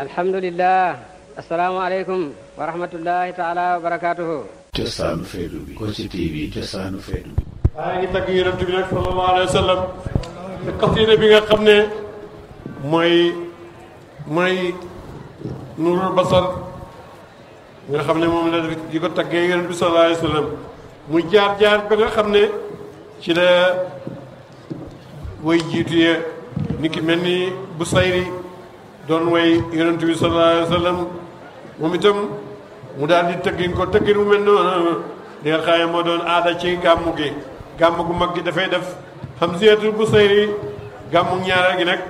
الحمد لله السلام عليكم ورحمة الله تعالى وبركاته جسان فيلو بي كوشي تي بي جسان فيلو بي باقي تاكي يرمت بنا صلى الله عليه وسلم لكفي نبي قمنا موي موي نور البصر نغا خمنا مومنا يقول تاكي يرمت صلى الله عليه وسلم موي جار جار بنا خمنا شلا ويجيتي نكي مني بصيري doon way yonent bi sallallahu moom itam mu daal di tëggin ko tëggin mu mel noonu li moo doon aada ci gàmmu gi gàmmu gu mag gi dafay def hamziyatul busayri gàmmu ñaareel gi nag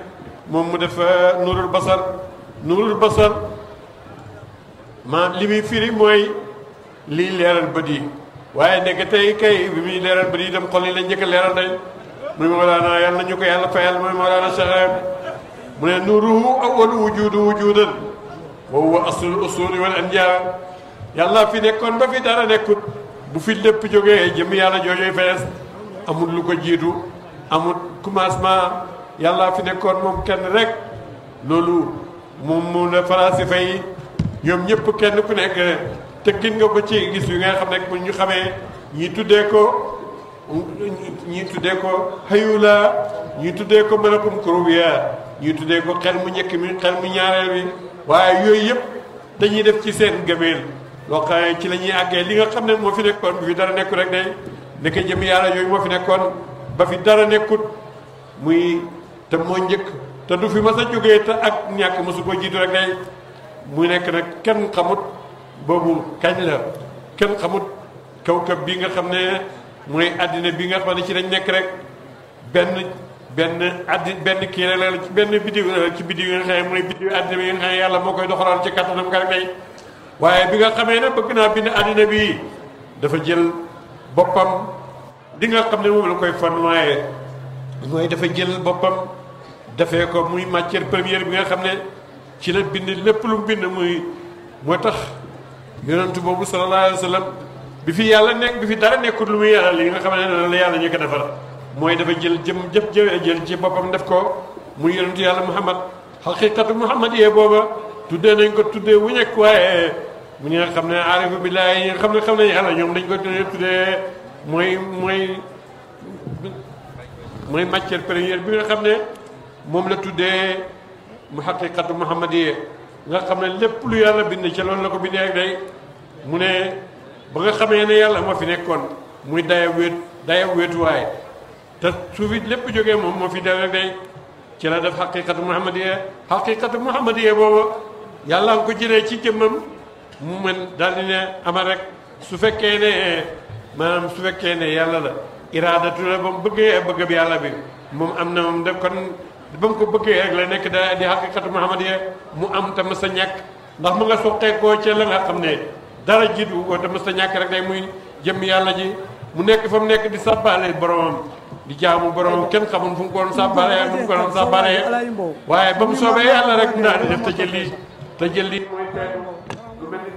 moom mu def euh, nuurul basar nuurul basar ma li muy firi mooy lii leeral bët yi waaye nekk tey kay bi muy leeral bët yi dem xol yi la njëkk a leeral day muy Mawlaana yàlla na ñu ko yàlla fayal muy Mawlaana mu ne nuuruhu awwalu wujudu wujudan wa huwa aslul usuli wal anjaam yàlla fi nekkoon ba fi dara nekkut bu fi lépp jógee jëm yàlla joojooy fees amul lu ko jiitu amul commencement yàlla fi nekkoon moom kenn rek loolu moom mu ne falaasifa yi ñoom ñëpp kenn ku nekk tëkkin nga ko ci gis yu nga xam ne bu ñu xamee ñii tuddee ko ñii tuddee ko xayula ñii tuddee ko malakum kurubiya ñu tuddee ko xel mu njëkk mi xel mu ñaareel bi waaye yooyu yëpp dañuy def ci seen gëmeel loo xam ci la ñuy àggee li nga xam ne moo fi nekkoon bu fi dara nekku rek day nekk jëm yàlla yooyu fi nekkoon ba fi dara nekkut muy te moo njëkk te du fi mas a jógee te ak ñàkk mosu ko jiitu rek day mu nekk nag kenn xamut boobu kañ la kenn xamut kawkab bi nga xam ne mooy àddina bi nga xam ne ci lañ nekk rek benn ben addi benn kii la la benn bidiw la ci bidiw yi nga xam mooy bidiw àddina yi nga xam yàlla moo koy doxalal ci kattanam nga rek waaye bi nga xamee ne bëgg naa bind àddina bi dafa jël boppam li nga xam ne moom la koy fan waaye mooy dafa jël boppam dafee ko muy matière première bi nga xam ci la bind lu bind muy sallallahu alayhi Wasallam. bi fi yàlla nekk bi fi dara nekkul lu muy li nga la ñu ko defal mooy dafa jël jëm jëf jël ci boppam def ko mu yonentu yàlla muhammad xaqiqatu muhammad yee booba tuddee nañ ko tuddee wu nekk waaye mu ñi nga xam ne aarifu billaahi nga xam ne xam ne yàlla ñoom dañ ko tuddee mooy mooy mooy bi nga xam ne moom la tuddee mu xaqiqatu muhammad yee nga xam ne lépp lu yàlla bind ci loolu ko bindee ak day mu ne ba nga xamee ne yàlla moo fi nekkoon muy daya wéet daya wéetuwaay te suufi lépp jógee moom moo fi dara day ci la def xaqiqatu muhammadiya xaqiqatu muhammadiya boobu yàlla nga ko jëlee ci jëmmam mu mën daal di ne ama rek su fekkee ne maanaam su fekkee ne yàlla la iraadatu la ba mu bëggee bëgg bi yàlla bi moom am na moom def kon ba mu ko bëggee rek la nekk da di xaqiqatu muhammadiya mu am te mës a ñàkk ndax mu nga soqeekoo ca la nga xam ne dara jiitu ko te mës a ñàkk rek day muy jëmm yàlla ji mu nekk fa mu nekk di sàbbaale boromam di jaamu borom kenn xamul fu mu ko doon sàbbalee fu mu ko ba mu soobee yàlla rek mu daal di def te jël lii te jël lii mooy seetlu lu mel ni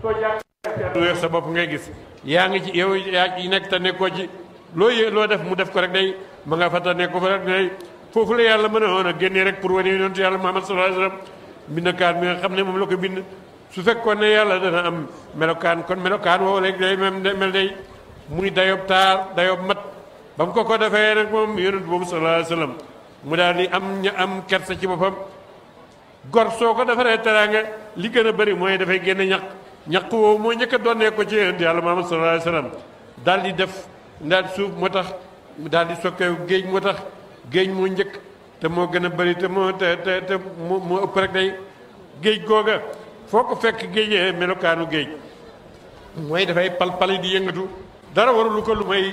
soo jàkkee sa bopp ngay gis yaa ngi ci yow yaa nekk te nekkoo ci loo yë loo def mu def ko rek day ma nga fa te nekkoo fa rek day foofu la yàlla mën a woon a génnee rek pour wane yonentu yàlla Muhammad sallallahu alayhi wasallam bindakaat mi nga xam ne moom la ko bind su fekkoon ne yàlla dana am melokaan kon melokaan woowu rek day mel day muy dayob taar dayob mat bam ko ko defé nak mom yonent bobu sallallahu alayhi wasallam mu daal am ña am kersa ci bopam gor soko defare teranga li gëna bari moy mooy dafay génn ñak ñaq woowu moo njëkk ko ci yonent yàlla sallallahu alayhi wasallam daal di def ndal suuf motax tax daal di sokkeewu géej moo tax mo moo te mo gëna bari te mo te te te moo ëpp rek day geej goga foko fekk geej melokanu geej moy da fay pal pal di yëngatu dara lu ko lu may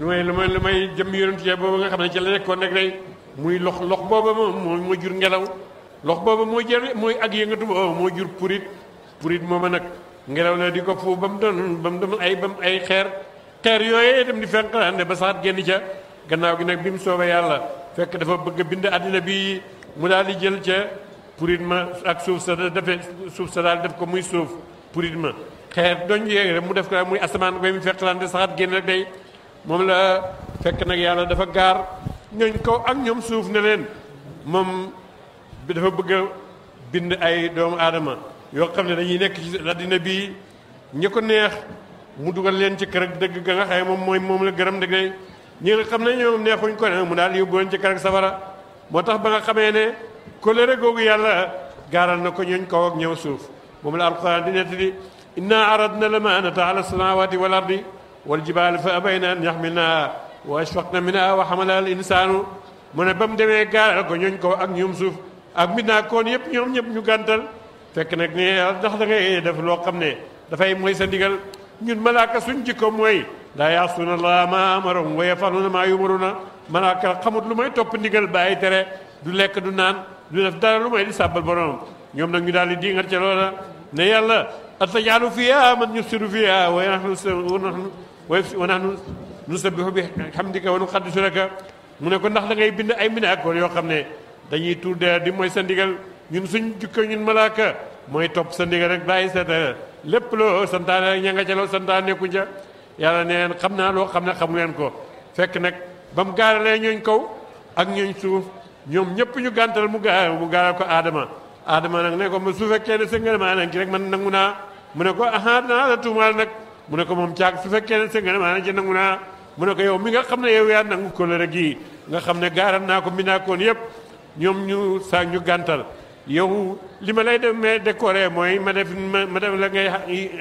lu may lu may jëm yonent ya boobu nga xam ne ci la nekkoon rek day muy lox lox booba moo moo jur ngelaw lox booba moo jër mooy ak yëngatu booba moo jur purit purit mooma nag ngelaw na di ko fu ba mu doon ba mu doon ay ba mu ay xeer xeer yooyee dem di fenqlaande ba saxat génn ca gannaaw gi nag bi mu soobee yàlla fekk dafa bëgg a bind àddina bi mu daal di jël ca purit ma ak suuf sa dafe suuf sa daal def ko muy suuf purit ma xeer doñ yee mu def ko muy asamaan koy mu fenqlaande saxat génn rek moom la fekk nag yàlla dafa gaar ñooñ kaw ak ñoom suuf ne leen moom bi dafa bëgg bind ay doomu aadama yoo xam ne dañuy nekk ci àddina bi ñi ko neex mu dugal leen ci kër dëgg ga nga xaye moom mooy moom la gërëm dëgg day ñi nga xam ne ñoom neexuñ ko ne mu daal yóbbu leen ci kër safara moo tax ba nga xamee ne kóllëre googu yàlla gaaral na ko ñooñ kaw ak ñëw suuf moom la alquran di nettali inna aradna l amaanata ala samawati wal ardi والجبال فأبين أن يحملنها وأشفقنا منها وحملها الإنسان من بام ديمي غار كو نيون كو اك نيوم سوف اك مينا كون ييب نيوم نيب نيو غانتال فك نك ني داخ داغي داف لو خامني دا فاي موي سانديغال نيون ملائكه سون جيكو موي لا يعصون الله ما امرهم ويفعلون ما يمرون ملائكه خموت لوماي توب نديغال باي تري دو ليك دو نان دو داف دار لوماي دي سابل بروم نيوم نك ني دال دي غار تي لولا ني يالا اتجالو فيها من يسر فيها ونحن سر ونحن wa nahnu nusabbihu bi hamdika wa nuqaddisu laka mu ne ndax da ngay bind ay ak minaakor yoo xam ne dañuy tuur de di mooy sa ndigal ñun suñ jukko ñun malaaka mooy topp sa ndigal rek bàyyi sa lépp loo santaane rek ña nga ca loo santaane nekku ja yàlla ne leen xam naa loo xam ne xamu leen ko fekk nag ba mu gaaralee ñooñ kaw ak ñooñ suuf ñoom ñëpp ñu gàntal mu gaar mu gaaral ko aadama aadama nag ne ma su fekkee ne sa ngërëmaa nag ki rek man mu ne ko aha danaa nag mu ne ko moom caag su fekkee ne sëgg na maanaam nangu naa mu ne ko yow mi nga xam ne yow yaa nangu rek gi nga xam ne gaaram naa ko mbindaakoon yëpp ñoom ñu saak ñu gàntal yow li ma lay def mais décoré mooy ma def ma def la ngay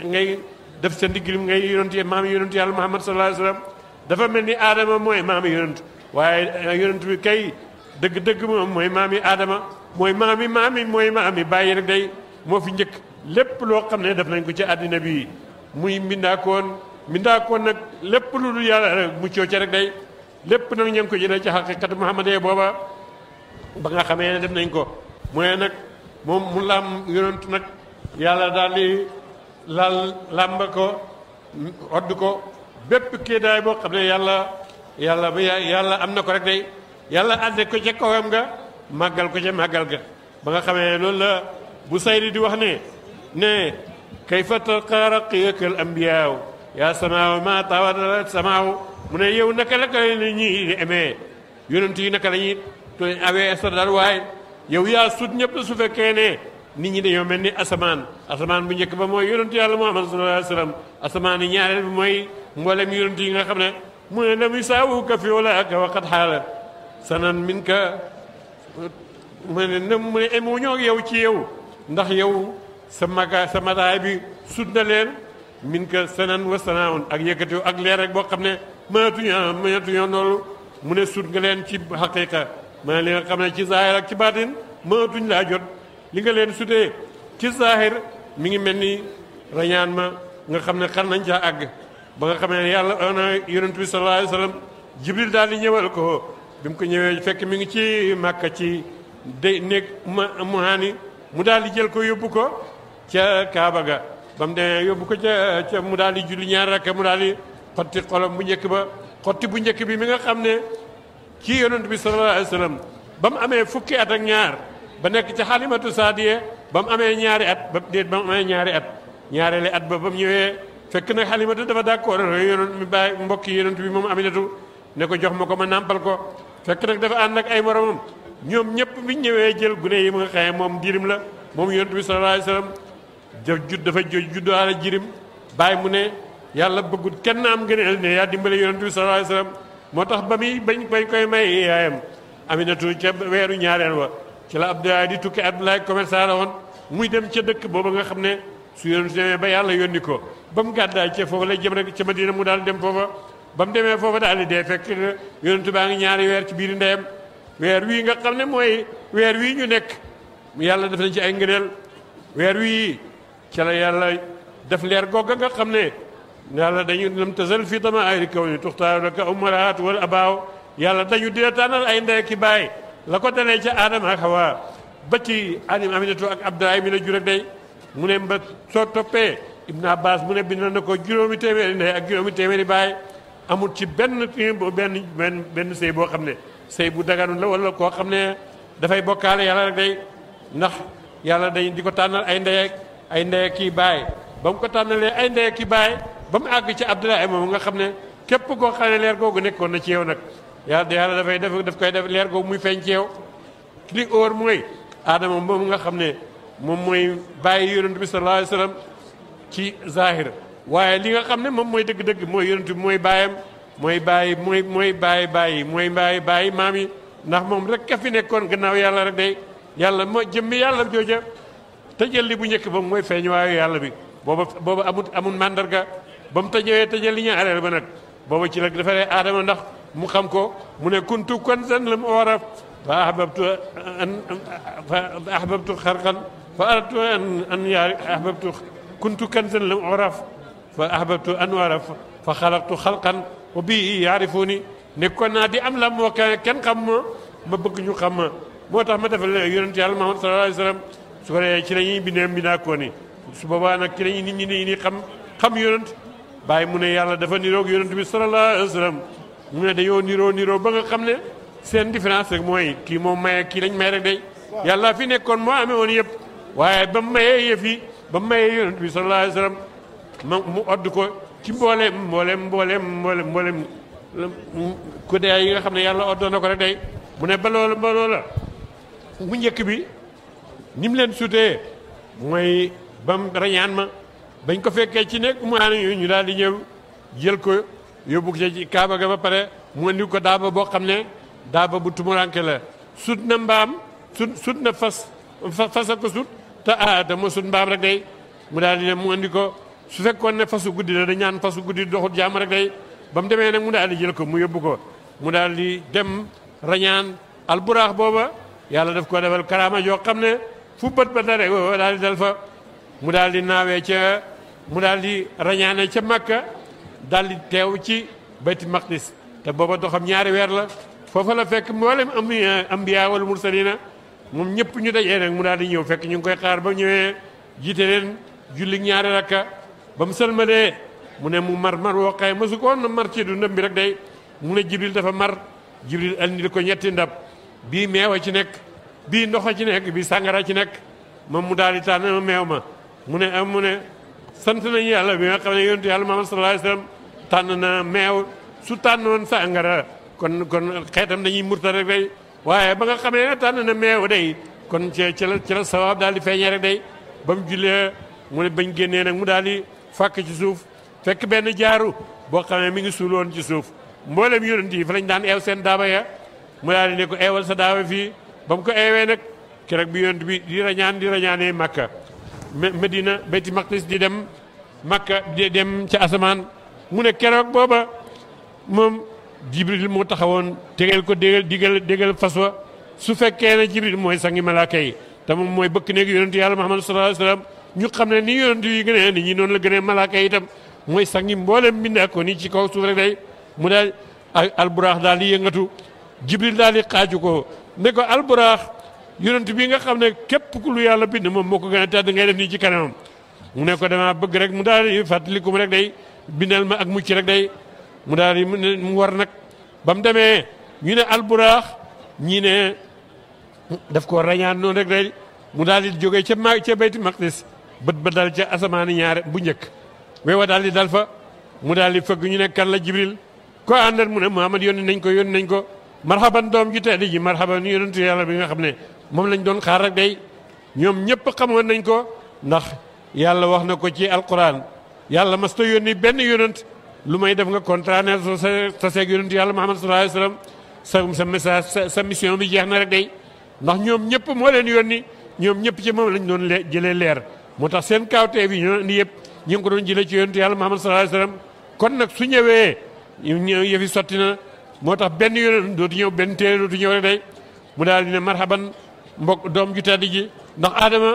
ngay def sa ndigil ngay yonent maam yonent yàlla Muhammad sallallahu alayhi wasallam dafa mel ni aadama mooy maam yonent waaye eh, yonent bi kay dëgg-dëgg moom mooy maam yi aadama mooy maam yi maam yi mooy maam yi bàyyi rek day moo fi njëkk lépp loo xam ne def nañ ko ci àddina bi muy mbindaakoon mbindaakoon nag lépp lu dul yàlla rek muccoo ca rek day lépp nag ña ngi ko jëlee ci xaqiqat muhammadee booba ba nga xamee ne def nañ ko mooy nag moom mu làmb yonent nag yàlla daal di laal làmb ko odd ko bépp kéedaay boo xam ne yàlla yàlla ba yàlla am na ko rek day yàlla àdde ko ca kawam nga màggal ko ca màggal ga ba nga xamee loolu la bu sayri di wax ne ne كيف تلقى رقيك الأنبياء يا سماء ما طوال السماء من يونك لك لنيه أمي يونتي نك لنيه أبي أسر دارواي يو يا سود نيب سوف نيني دي أسمان أسمان من يكبر مو يونتي على محمد صلى الله عليه أسمان نيال موي مولم يونتي نك خبنا من لم يساوك في ولاك وقد حال سنن منك من نم أمونيو يو كيو نخ sa maga sa mataay bi sut na leen min ka sanan wa sanaaun ak yëkkatiw ak leer rek boo xam ne mënatuñoo mënatuñoo loolu mu ne sut nga leen ci xaqiqa ma li nga xam ne ci zahir ak ci baatin tuñ laa jot li nga leen sutee ci zahir mi ngi mel ni rañaan ma nga xam ne xar nañ caa àgg ba nga xam ne yàlla ana yonent bi sallallahu alayhi wa sallam daal di ñëwal ko bi mu ko ñëwee fekk mi ngi ci màkka ci day néeg ma muhaani mu daal di jël ko yóbbu ko ca Kaaba ga ba mu demee yóbbu ko ca ca mu daal di julli ñaar rakk mu daal di xotti xolam bu njëkk ba xotti bu njëkk bi mi nga xam ne ci yonent bi sallallahu alayhi wa ba mu amee fukki at ak ñaar ba nekk ci xalimatu saadiye ba mu amee ñaari at ba déet ba mu amee ñaari at ñaareeli at ba ba mu ñëwee fekk na xalimatu dafa d'accord yonent mi bàyyi mbokki yonent bi moom aminatu ne ko jox ma ko ma nàmpal ko fekk nag dafa ànd ak ay moromam ñoom ñëpp biñ ñëwee jël gune yi mu nga xamee moom diirim la moom yonent bi sallallahu alayhi wa sallam jëf judd dafa juddaale jirim bàyyi mu ne yàlla bëggut kenn am ngëneel ne yaa dimbale yonent bi sallallahu alayhi moo tax ba muy bañ bañ koy may yaayam aminatu ca weeru ñaareel wa ci la Abdoulaye di tukki Abdoulaye commerçant la woon muy dem ca dëkk booba nga xam ne su yonent demee ba yàlla yónni ko ba mu gàddaay ca foofu lay jëm rek ca Madina mu daal dem foofa ba mu demee foofa daal di dee fekk yonent baa ngi ñaari weer ci biir ndeyam weer wii nga xam weer wii ñu yàlla def ci ay ngëneel weer ci la yàlla def leer googa nga xam ne yàlla dañu lam tasal fii dama ay kaw ni tuxtaaru laka umaraat wal abaaw yàlla dañu dina tànnal ay ndey ki baay la ko dalee ca aadama ak xawa ba ci anim aminatu ak abdoulaye mi la jur ak day mu ne mba soo toppee ibn abbas mu ne bind na ko juróomi téeméeri ndey ak juróomi téeméeri baay amul ci benn benn benn benn sëy boo xam ne sëy bu daganul la wala koo xam ne dafay bokkaale yàlla rek day ndax yàlla dañ di ko tànnal ay ndey ak ay ndey kii baay ba mu ko tànnalee ay ndey ki baay ba mu àgg ci Abdoulaye moom nga xam ne képp koo xam ne leer googu nekkoon na ci yow nag yàlla yàlla dafay def daf koy def leer googu muy feeñ ci lii li óor mooy aadama moom nga xam ne moom mooy bàyyi yonent bi sallallahu alayhi ci zahir waaye li nga xam ne moom mooy dëgg-dëgg mooy yonent bi mooy baayam mooy bàyyi mooy mooy bàyyi bàyyi mooy bàyyi bàyyi maam ndax moom rek ka fi nekkoon gannaaw yàlla rek day yàlla moo تجل لي بنيك بام موي فنيوا يا الله بي بابا بابا امون امون ماندرغا بام تجي تجل لي نيا ربا نك بابا تي لك دافاي ادم ناخ مو كنت كنزا لم اورف فاحببت ان فاحببت خرقا فاردت ان ان يا احببت كنت كنزا لم اورف فاحببت ان اورف فخلقت خلقا وبه يعرفوني نكون دي ام لم وكان كن خم ما بك ني خم موتاخ ما داف يونت يالله محمد صلى الله su ko defee ci la ñuy bindee mbindaakoo ni su boobaa nag ci la ñuy nit ñi ni ni xam xam yonent bàyyi mu ne yàlla dafa niroog yonent bi sallallahu alayhi wa sallam mu ne dañoo niroo niroo ba nga xam ne seen différence rek mooy kii moom maye kii lañ may rek day yàlla fi nekkoon moo amee woon yëpp waaye ba mu mayee yëf ba mu mayee yonent bi sallallahu alayhi wa sallam mu odd ko ci mbooleem mbooleem mbooleem mbooleem mbooleem ku dee yi nga xam ne yàlla oddoon na ko rek day bi ni mu leen sutee mooy bam rañaan ma bañ ko fekkee ci nekk mu aan ñu daal di ñëw jël ko yóbbu ko kaaba ga ba pare mu andi ko daaba boo xam ne daaba bu tumuranke la sut na mbaam sut sut na fas fasa ko sut te ah te moo sut mbaam rek day mu daal di ne mu andi ko su fekkoon ne fasu guddi la da ñaan fasu guddi doxul jaam rek day ba mu demee nag mu daal di jël ko mu yóbbu ko mu daal di dem rañaan alburaax booba yàlla daf ko defal karaama yoo xam ne fu bët ba dare oh, oh, daal di dal fa mu daal di naawee ca mu daal di rañaane ca Makka daal di teew ci bayti maqdis te booba doxam ñaari weer la foofa la fekk mboole am ambiya wal mursalina moom ñëpp ñu dajee nag mu daal di ñëw fekk ñu ngi koy xaar ba ñëwee jiite leen julli ñaari rakka ba mu sëlmadee mu ne mu mar mar woo xay masu koon mar ci du ndam bi rek day mu ne jibril dafa mar jibril andil ko ñetti ndab bii meewa ci nekk bii ndox ci nekk bii ci nekk ma mu daal di tànn ma meew ma mu ne mu ne sant nañu yàlla bi nga xam ne yonentu yàlla Muhammad sallallahu alayhi tànn na meew su tànnoon sàngara kon kon xeetam dañuy murta rek day waaye ba nga xamee ne tànn na meew day kon ci ci la ci la daal di feeñee rek day ba mu jullee mu ne bañ génnee nag mu daal di fàkk ci suuf fekk benn jaaru boo xamee mi ngi suuloon ci suuf mboolem yonent yi fa lañ daan eew seen daaba ya mu daal di ne bam ko eewee nag keroog bi yont bi di rañaan di makka medina beti maqdis di dem makka di dem ci asaman mu ne kérok boba mom jibril mo taxawon tegel ko degel digel degel faswa su fekke na jibril moy sangi malaika yi tam moy bëkk neeg yonent yalla muhammad sallallahu alaihi wasallam ñu xamne ni yonent yi gëne ni ñi noonu la gëne malaika yi tam moy sangi mbolam ko ni ci kaw suuf rek day mu daal alburaax daal di yëngatu jibril dal di xaju ko ne ko alburaax yonent bi nga xam ne képp ku lu yàlla bind moom moo ko gën a tedd ngay def nii ci kanamam mu ne ko damaa bëgg rek mu daal di fàttaliku mu rek day bindal ma ak mucc rek day mu daal di mu war nag ba mu demee ñu ne alburaax ñi ne def ko rañaan noon rek day mu daal di jógee ca ma ca bayti maqdis bët ba dal ca asamaani ñaare bu njëkk weewa daal di dal fa mu daal di fëgg ñu ne kan la jibril ko àndal mu ne muhammad yónni nañ ko yónni nañ ko marhaban doom ju tedd ji marhaban yonentu yàlla bi nga xam ne moom lañ doon xaar rek day ñoom ñëpp xamoon nañ ko ndax yàlla wax na ko ci alquran yàlla mas ta yónni benn yonent lu may def nga kontaanee soo sa taseeg yonentu yàlla Muhammad sallallahu alayhi wasallam sa sa message sa bi jeex na rek day ndax ñoom ñëpp moo leen yónni ñoom ñëpp ci moom lañ doon jëlee leer moo tax seen kaawtee bi ñoo indi yëpp ñu ngi ko doon jëlee ci yonentu yàlla Muhammad sallallahu alayhi wasallam kon nag su ñëwee na moo tax benn yoon dootu ñëw benn téere dootu ñëw rek day mu daal di ne marhaban mbokk doom ju di ji ndax aadama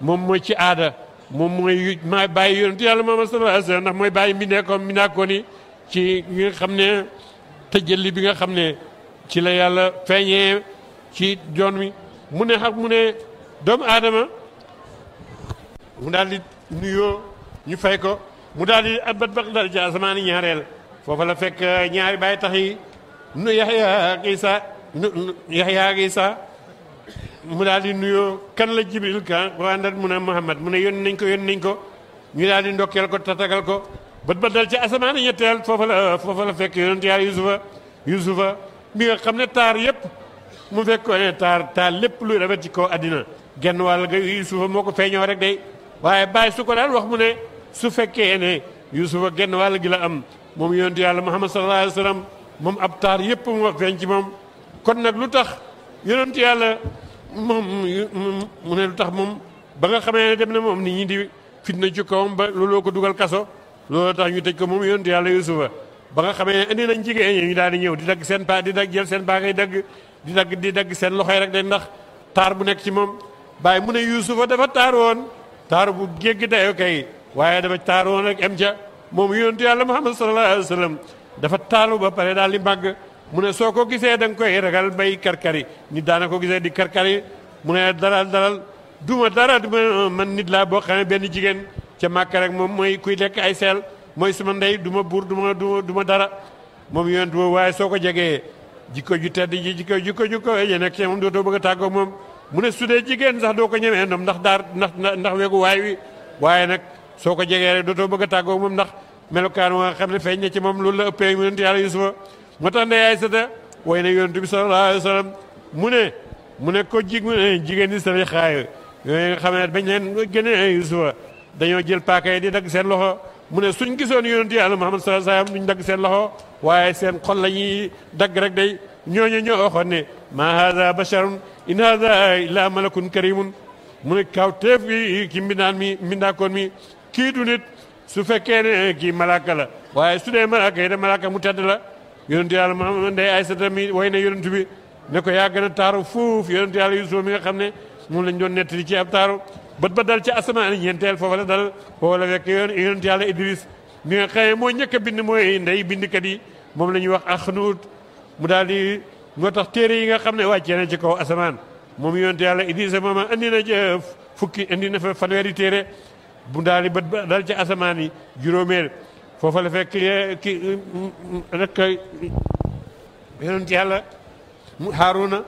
moom mooy ci aada moom mooy maa bàyyi yonent yàlla Muhammad moom alayhi wa sallam ndax mooy bàyyi mi nekkoon mi nekkoon ni ci nga xam ne tëjëli bi nga xam ne ci la yàlla feeñee ci joon mi mu ne xam mu ne doomu aadama mu daal ñu fay ko mu daal di abat baq dal ci asamaan ñaareel foofa la fekk ñaari bàyyi tax yi nu yaxyaa isa nu yaxyaa isa mu daal di nuyoo kan la jibril kan wa àndat mu ne muhammad mu ne yónni nañ ko yónni nañ ko ñu daal di ndokkeel ko tatagal ko bët ba dal ci asamaan ñetteel foofa la foofa la fekk yonent yàlla yusufa yusufa mi nga xam ne taar yëpp mu fekk ko ne taar taar lépp luy rafet ko kaw àddina genn wàll ga yusufa moo ko feeñoo rek day waaye bàyyi su ko daal wax mu ne su fekkee ne yusufa genn wàll gi la am moom yonent yàlla muhammad sallallahu alayhi wa moom ab taar yëpp mu wax feeñ ci moom kon nag lu tax yonent yàlla moom mu ne lu tax moom ba nga xamee ne dem na moom nit ñi di fitna ci kawam ba looloo ko dugal kaso looloo tax ñu tëj ko moom yonent yàlla yusufa ba nga xamee ne nañ jigéen ñi ñu daal di ñëw di dagg seen paa di dagg jël seen paa ngay dagg di dagg di dagg seen loxoy rek de ndax taar bu nekk ci moom bàyyi mu ne yusufa dafa taar woon taar bu jéggi dayo kay waaye dafa taar woon rek am ca moom yonent yàlla muhammad sallallahu alayhi wa sallam dafa taru ba pare dal li mag mu ne soo gisee koy ragal bay karkari nit dana ko gisee di karkari mu ne dalal dalal duma dara man nit la bo xamé ben jigen ci mak rek mom moy kuy lek ay sel moy suma ndey duma bur duma duma dara mom yent boobu way soko ko jegee jikko ju tedd ji jikko jikko jikko yéen ya ak moom dootoo bëgg a tàggoo mu ne su dee sax do ko ñemee ndax dar ndax ndax wégu way wi waye nak soko bëgg mom ndax melokaan wa nga xam ne feeñ na ci moom loolu la ëppee mu yonent yàlla yusufa moo tax ndey Aysata way na yonent bi sallallahu alayhi wa mu ne mu ne ko jig mu ne jigéen ñi sali xaay yooyu nga xam ne bañ leen gënee yusufa dañoo jël paaka yi di dagg seen loxo mu ne suñ gisoon yonent yàlla Muhammad sallallahu alayhi wa sallam duñ dagg seen loxo waaye seen xol la ñuy dagg rek day ñooñu ñoo waxoon ne ma haada basharun in haada illa malakun karimun mu ne kaw teef gi ki mi mbindaakoon mi su fekkee ne eh, kii malaaka la waaye su dee malaaka yi de malaaka mu tedd la yonentu yàlla ma ndey ay sa way na yonentu bi ne ko yaa gën a taaru fuuf yonentu yàlla Yuusufa mi nga xam ne moom lañ doon nettali ci ab taaru bët ba dal ci asamaan ñeenteel foofa la dal foofa la fekk yonentu yàlla Idris mi nga xamee moo njëkk a bind mooy ndey bindkat yi moom la ñuy wax axnuut mu daal di moo tax téere yi nga xam ne waa na ci kaw asamaan moom yonentu yàlla Idrisa mooma eh, fukki andi na fa téere bu daal di bët ba dal ci asamaan yi juróomeel foofa la fekk ki rek yonent yàlla Haaruna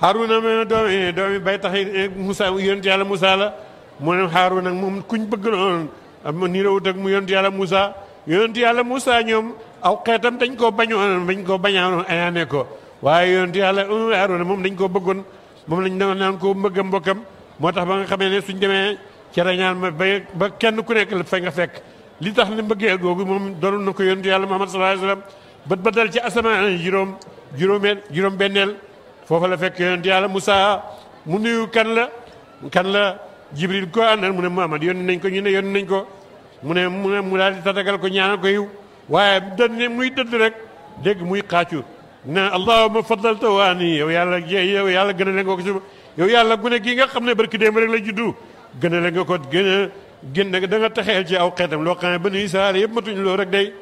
Haaruna ma doomi doomi bay tax eh, Moussa yonent yàlla Moussa la mu ne Haaruna moom kuñ bëgg noonu am niirawut ak mu yonent yàlla Moussa yonent yàlla Moussa ñoom aw xeetam dañ koo bañoon dañ koo bañaanoon ayaane ko waaye yonent yàlla uh, Haaruna moom dañ koo bëggoon moom lañ doon naan koo mbëgg mbokkam moo tax ba nga xamee ne suñ demee ci rañaan ma ba ba kenn ku nekk la fa nga fekk li tax ne mbëggeel googu moom doon na ko yonentu yàlla Muhammad sallallahu alayhi wa bët ba dal ci asamaan juróom juróomeel juróom benneel foofa la fekk yonentu yàlla Moussa mu nuyu kan la kan la Jibril ko àndal mu ne Muhammad yónni nañ ko ñu ne yónni nañ ko mu ne mu mu daal di tatagal ko ñaanal ko yiw waaye dëdd ne muy dëdd rek dégg muy xaacu na allahuma faddalta waa nii yow yàlla yow yàlla gën a leen ko yow yàlla gune gi nga xam ne barki démb rek la gënale nga ko gëna gën nga da nga taxel ci aw xétam lo xam ne bani israel yëpp matuñ lo rek day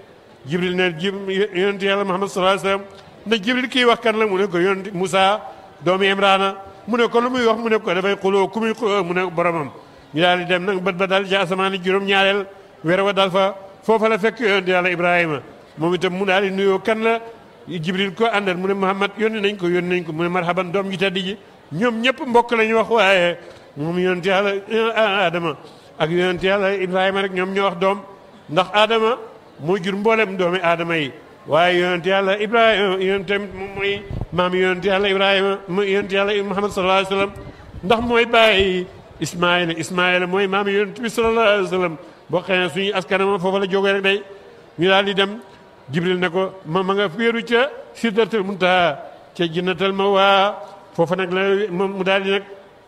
jibril ne jib yonent yàlla muhammad sallallahu alayhi wasallam ne jibril ki wax kan la mu ne ko yonent musa doomu imrana mu ne ko lu muy wax mu ne ko da fay xulo ku muy xulo mu ne boromam ñu dal di dem nak bat ba dal ci asmani juroom ñaarel weer wa dal fa fofu la fekk yonent yàlla Ibrahima momi tam mu dal di nuyo kan la jibril ko àndal mu ne Muhammad yónni nañ ko yónni nañ ko mu ne marhaban doom ji teddi ji ñom ñëpp mbokk lañ wax waye moom yonent yàlla aadama ak yonent yàlla ibrahima rek ñoom ñoo wax doom ndax aadama moo jur mboolem doomi aadama yi waaye yonent yàlla ibrahima yonent tamit moom mooy maam yonent yàlla ibrahima yonent yàlla muhammad sallallahu alayhi wa ndax mooy bàyyi ismaila ismaila mooy maam yonent bi sallallahu alayhi wa sallam boo suñu askanama foofa la jógee rek day ñu daal di dem jibril ne ma nga wéeru ca sidratul muntaha ca jannatul ma'wa foofa nag la mu daal di nag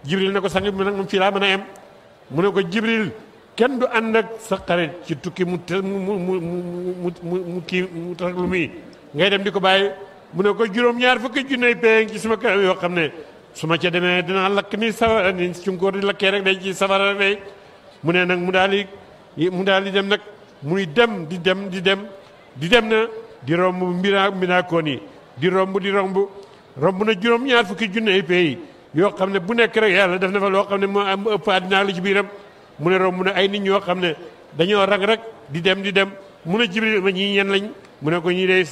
jibril ne ko sangi bi nag moom fii laa mën a em mu ne ko jibril kenn du ànd ak ci tukki mu te mu mu mu mu mu mu kii mu tax lu ngay dem di ko bàyyi mu ne ko juróom-ñaar fukki junney peeng ci sama kanam yoo xam ne su ma ca demee dinaa lakk ni sawara ni sunkóor di lakkee rek day ci sawara day mu nee nag mu daal di mu daal di dem nag muy dem di dem di dem di dem na di romb mbinaa mbinaakoon yi di romb di romb romb na juróom-ñaar fukki junney peeng yoo xam ne bu nekk rek yàlla def na fa loo xam ne moo am ëpp àddinaa li ci biiram mu ne romb na ay nit ñoo xam ne dañoo rag rek di dem di dem mu ne jibril ma ñii ñen lañ mu ne ko ñii day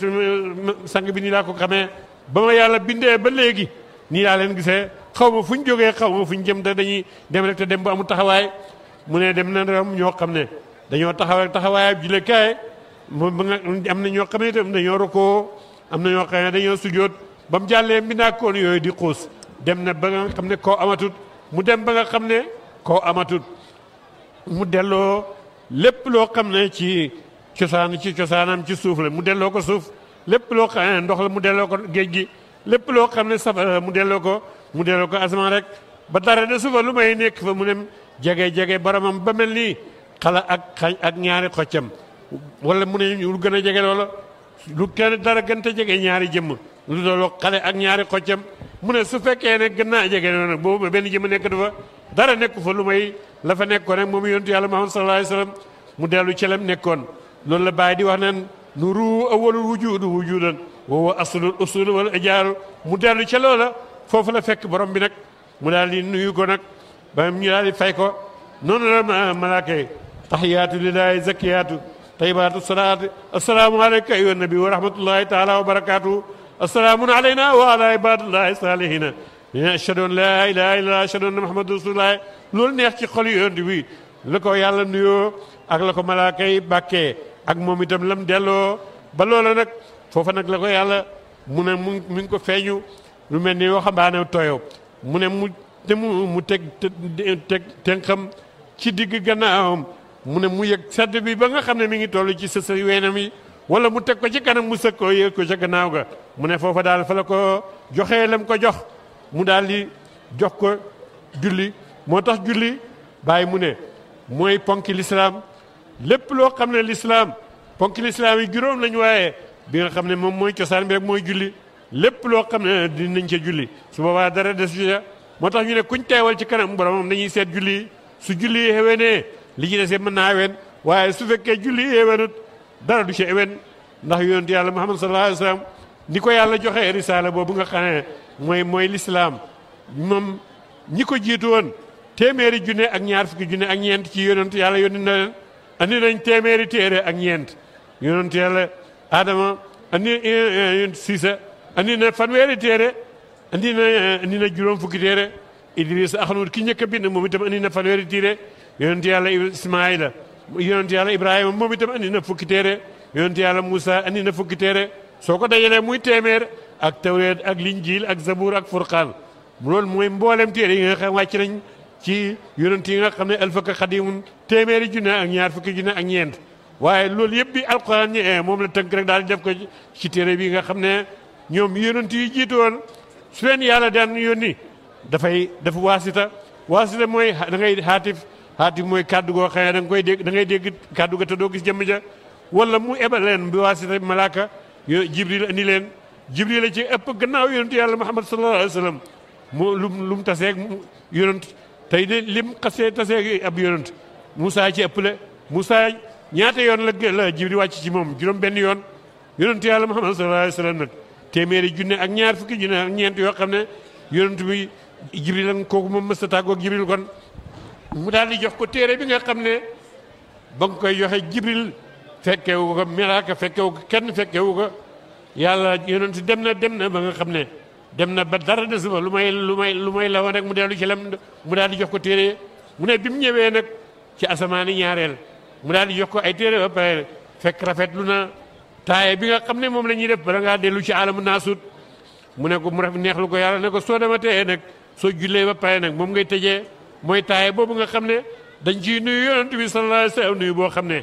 sang bi ni laa ko xamee ba ma yàlla bindee ba léegi ni laa leen gisee xaw ma fu ñu jógee xaw ma fu ñu jëm da dañuy dem rek te dem bu amul taxawaay mu ne dem na rom ñoo xam ne dañoo taxaw rek taxawaayab jile kaay moom ba nga am na ñoo xam ne itam dañoo rokoo am na ñoo xam ne dañoo sujoot ba mu jàllee mbinaakoon yooyu di xuus dem na ba nga xam ne koo amatut mu dem ba nga xam ne koo amatut mu delloo lépp loo xam ne ci cosaan ci cosaanam ci suuf la mu delloo ko suuf lépp loo ndox la mu delloo ko géej gi lépp loo xam ne safara mu delloo ko mu delloo ko asamaan rek ba dara de sufa lu may nekk fa mu nem jege-jege boromam ba mel nii xala ak xañ ak ñaari xoccam wala mu ne lu gën a jege loola lu kenn dara gën te jege ñaari jëmm lu dooloo xale ak ñaari xoccam mu ne su fekkee ne gën naa jege noonu nag boobu benn jëmm nekk dafa dara nekku fa lu may la fa nekkoon rek moom mu yàlla Muhammad sallallahu alayhi mu dellu ci lam nekkoon loolu la bàyyi di wax naan nuru awwalul wujudu wujudan wa huwa aslul usul wal ajaaru mu dellu ca loola foofu la fekk borom bi nag mu daal di nuyu ko nag ba ñu daal di fay ko noonu la malaaka yi tahiyaatu lillahi zakiyaatu tayyibaatu salaatu assalaamu alayka ayyuhan nabi wa rahmatullahi taala wa barakaatuhu السلام علينا وعلى عباد الله الصالحين ashhadu an laa ilaaha illallaah ashhadu anna muhammadan rasuulullaah loolu neex ci xol yi bi la ko yàlla nuyoo ak la ko malaaka yi bàkkee ak moom itam lam delloo ba loola nag foofa nag la yàlla mu ne mu mi ngi ko feeñu lu mel ni waxambaane tooyo mu ne mu te mu mu teg teg ci digg gannaawam mu ne mu yeg sedd bi ba nga xam ne mi ngi toll ci sësa weenam yi wala mu teg ko ci kanam mu sëg ko yëg ko ca gannaaw ga mu ne foofa daal fa la ko joxee lam ko jox mu daal di jox ko julli moo tax julli bàyyi mu ne mooy ponki lislaam lépp loo xam ne lislaam ponki lislaam yi juróom lañu waaye bi nga xam ne moom mooy cosaan bi rek mooy julli lépp loo xam ne dinañ ca julli su boobaa dara des ca moo tax ñu ne kuñ teewal ci kanam boromam dañuy seet julli su julli xewenee li ci des mën naa xewen waaye su fekkee julli xewenut dara du ci ewen ndax yonent yàlla muhammad sallallahu alayhi wa sallam ni ko yàlla joxe risaala boobu nga xam ne mooy mooy lislaam moom ñi ko jiitu woon téeméeri junne ak ñaar fukki june ak ñeent ci yonent yàlla yónni na leen andi nañ téeméeri téere ak ñeent yonent yàlla Adama andi eh, eh, yonent Siisa andi na fanweeri téere andi na eh, andi na juróom fukki téere Idris axanut ki njëkk a bind moom itam andi na fanweeri téere yonent yàlla Ismaayila yonent yàlla Ibrahima moom itam andi na fukki téere yonent yàlla Moussa andi na fukki téere soo ko dajalee muy téeméer ak tawreet ak liñ jiil ak zabuur ak furqaan loolu mooy mboolem téere yi nga xam wàcc nañ ci yonent yi nga xam ne alfaka xadimun téeméeri junne ak ñaar fukki junne ak ñeent waaye loolu yëpp bi alquran moom la tënk rek daal di def ko ci téere bi nga xam ne ñoom yonent yi jiitu woon su leen yàlla daan yónni dafay def waasita waasita mooy da ngay xaatif xaatim mooy kàddu goo xëy da nga koy dégg da ngay dégg kàddu ga te doo gis jëmm ja wala mu ebal leen bi waasita malaaka yo jibril andi leen jibril a ci ëpp gannaaw yonentu yàlla muhammad sallallahu alayhi wa sallam mu lum lu mu taseeg yonent tey de lim xasee taseeg ab yonent Moussa ci ëpp la Moussa ñaata yoon la la jibril wàcc ci moom juróom benn yoon yonentu yàlla muhammad sallallahu alayhi wa sallam nag téeméeri junne ak ñaar fukki junne ak ñeent yoo xam ne yonent bi jibril ak kooku moom mës a tàggoog jibril kon mu daal di jox ko téere bi nga xam ne ba nga koy joxe jibril fekkewu ko miraaka fekkewu ko kenn fekkewu ko yàlla si dem na dem na ba nga xam ne dem na ba dara de suba lu may lu may lu may lawoon rek mu dellu ci lam mu daal di jox ko téere mu ne bi mu ñëwee nag ci asamaani ñaareel mu daal di jox ko ay téere ba pare fekk rafetlu na taaye bi nga xam ne moom la ñuy def bala ngaa dellu ci alamu naasut mu nekk ko mu rafet neexlu ko yàlla ne ko soo dama teyee nag soo jullee ba pare nag moom ngay tëjee moy tay bobu nga xamne ne dañ ci nuyu yaronte bi sallallahu alayhi wasallam nuyu bo xamne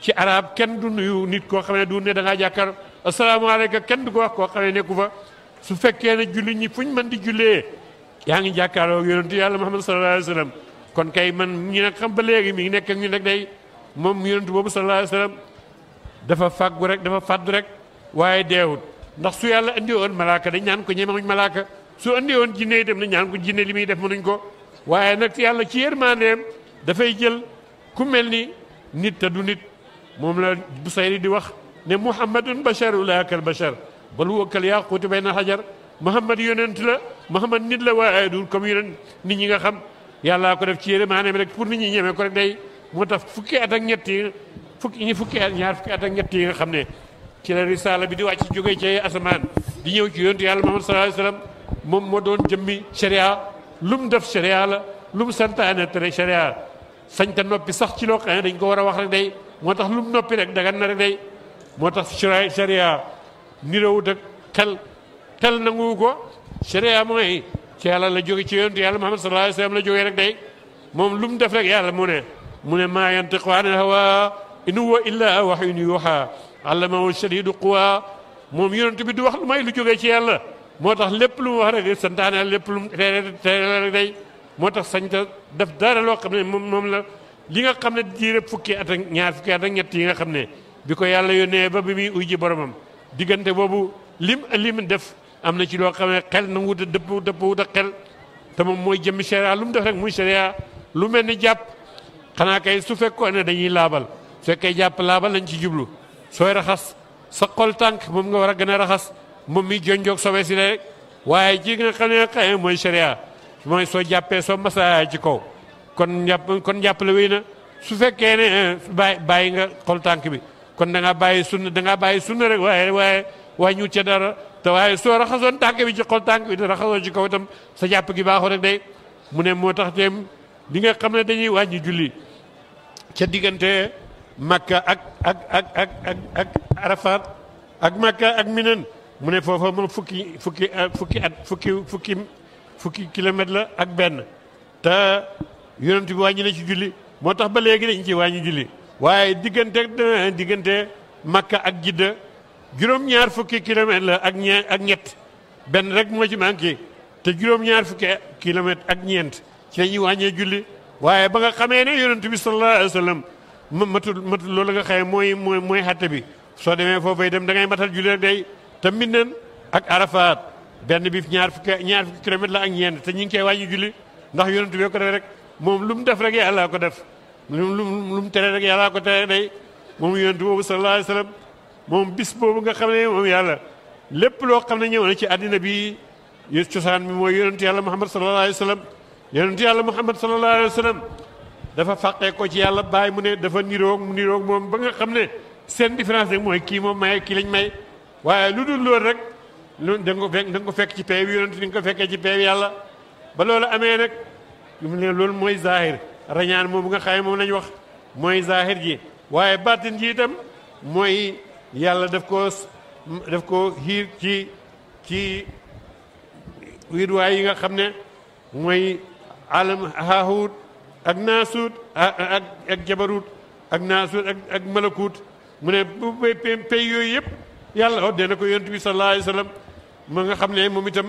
ci arab kenn du nuyu nit ko xamne du ne da ngaa assalamu asalaamaaleyka kenn du ko wax ko xamne ne ku fa su fekke ne julli ni fuñ man di jullee yaa ngi jàkkaaroo yaronte yalla muhammad sallallahu alayhi wasallam kon kay man ñi nak xam ba legi mi nek ak ñu nak day mom yaronte bobu sallallahu alayhi wasallam dafa fagu rek dafa fàddu rek waye deewut ndax su yalla andi won malaka dañ ñaan ko ñeema malaka su andi won jinne itam dañ ñaan ko jinne limi def mënuñ ko waaye nag yàlla ci yërmandeem dafay jël ku mel ni nit te du nit moom la bu sayri di wax ne muhammadun basharu la kal bashar bal huwa kal yaquuti bayna hajar muhammad yonent la muhammad nit la waaye dul comme yonent nit ñi nga xam yàlla ko def ci yërmandeem rek pour nit ñi ñeme ko rek day moo tax fukki at ak ñett yi fukki ñi fukki at ñaar fukki at ak ñett yi nga xam ne ci la risala bi di wàcc jóge ci asamaan di ñëw ci yonent yàlla Muhammad sallallahu alayhi wasallam moom moo doon jëmmi sharia lu mu def sharia la lu mu santaane tere sharia la sañ te noppi sax ci loo dañ ko war a wax rek day moo tax lu mu noppi rek dagan na rek day moo tax sharia niroowut ak xel xel nanguwu ko sharia mooy ci yàlla la jóge ci yonent yàlla Muhammad sallallahu alayhi la jógee rek day moom lu mu def rek yàlla mu ne mu ne maa yantiqu anil hawa in huwa illa wahyun yuha allamahu shadidu quwa moom yonent bi du wax lu may lu jógee ci yàlla moo tax lépp lu mu wax rek santaane lépp lu mu tere tere day moo tax sañ ta def dara loo xam ne moom moom la li nga xam ne diire fukki at ak ñaar fukki at ak ñett yi nga xam ne bi ko yàlla yónnee ba bi muy uy ji boromam diggante boobu lim lim def am na ci loo xam ne xel na mu wut a dëpp dëpp wut xel te moom mooy jëmmi sharia lu mu def rek muy sharia lu mel ni jàpp xanaa kay su fekkoon ne dañuy laabal su fekkee jàpp laabal nañ ci jublu sooy raxas sa xol tànk moom nga war a gën a raxas. mom mi jonjog sobe si rek waye ji nga xane ne moy sharia moy so jappé so massa ci ko kon jàpp kon japp la na su fekkee eh, ne bay bàyyi nga xol tank bi kon da nga bàyyi sunna da nga bàyyi sunna rek waye waye wañu ci dara taw waaye so raxasoon tank bi ci xol tank bi te ci ko tam sa japp gi baxu rek day mu ne tax li nga xam dañuy wañu julli ci diggante makka ak ak ak ak ak arafat ak makka ak minan mu ne foofa moom fukki fukki euh, fukki at fukki fukki fukki kilomètre la ak benn te yonent bi wàññi na ci julli moo tax ba léegi dañ ci wàññi julli waaye diggante diggante Makka ak Jidda juróom-ñaar fukki kilomètre la ak ñe ak ñett benn rek moo ci manqué te juróom-ñaar fukki kilomètre ak ñeent ci la ñuy wàññee julli waaye ba nga xamee ne yonent bi sallallahu alayhi wa sallam matul matul loolu nga xamee mooy mooy mooy xatte bi soo demee foofay dem da ngay matal julli rek day te Minen ak Arafat ben bi ñaar fuk ñaar fuk kilomètre la ak ñen te ñing koy wañu julli ndax yonent bi ko def rek mom lum def rek yalla ko def lum lum lum tere rek yalla ko tere day mom yonent boobu sallallahu alayhi wasallam mom bis bobu nga xamne mom yalla lepp lo xamne ñew na ci adina bi yus cosaan mi mooy yonent yalla muhammad sallallahu alayhi wasallam yonent yalla muhammad sallallahu alayhi wasallam dafa faqé ko ci yalla bay mu ne dafa niroog mu niroog mom ba nga xamne sen différence rek moy ki mom may ki lañ may waaye lu dul loolu rek lu da ko fekk da ko fekk ci pay bi yonent ni nga ko fekkee ci pay bi yàlla ba loolu amee nag lu mu ne loolu mooy zahir moo bu nga xaye moom lañ wax mooy zahir ji waaye baatin ji itam mooy yàlla def ko daf ko xiir ci ci wiirwaay yi nga xam ne mooy alam haahuut ak naasuut ak ak jabaruut ak naasuut ak ak mu ne bu pay yooyu yëpp yàlla oddee na ko yonent bi sallallahu alayhi wasallam ma nga xam ne moom itam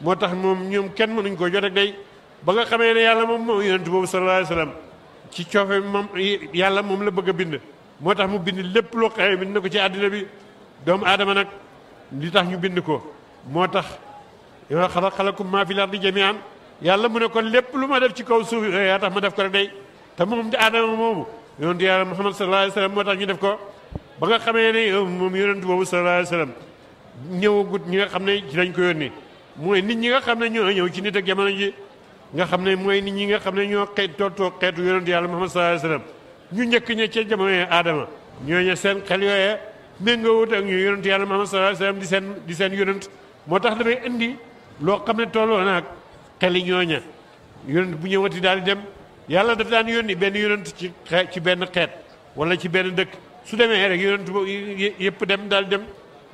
moo tax moom ñoom kenn mënuñ koo jot ak day ba nga xamee ne yàlla moom moom yonent boobu sallallahu alayhi wasallam ci coofe moom yàlla moom la bëgg a bind moo tax mu bind lépp loo xew bind na ko ci àddina bi doomu aadama nag li tax ñu bind ko moo tax yow xala xalakum maa fil ardi jami'an yàlla mu ne kon lépp lu ma def ci kaw suuf yaa tax ma def ko rek day te moom di aadama moomu yonent yàlla Muhammad sallallahu alayhi wasallam moo tax ñu def ko ba nga xamee ne euh, moom yonent boobu sallallahu ñëw wa sallam ñëwagut ñi nga xam ne ci lañ ko yónni mooy nit ñi nga xam ne ñoo ñëw ci nit ak jamono ji nga xam ne mooy nit ñi nga xam ne ñoo xeet tootoo xeetu yonent yàlla Muhammad sallallahu alayhi wa sallam ñu njëkk ña ca jamono yi aadama ñooñu seen xel yooye méngoowut ak ñu yonent yàlla Muhammad sallallahu alayhi di seen di seen yonent moo tax damay indi loo xam ne tolloo naag xeli ñooña yonent bu ñëwati daal di dem yàlla daf daan yónni benn yonent ci ci benn xeet wala ci benn dëkk su demee rek yonent ba yëpp dem daal dem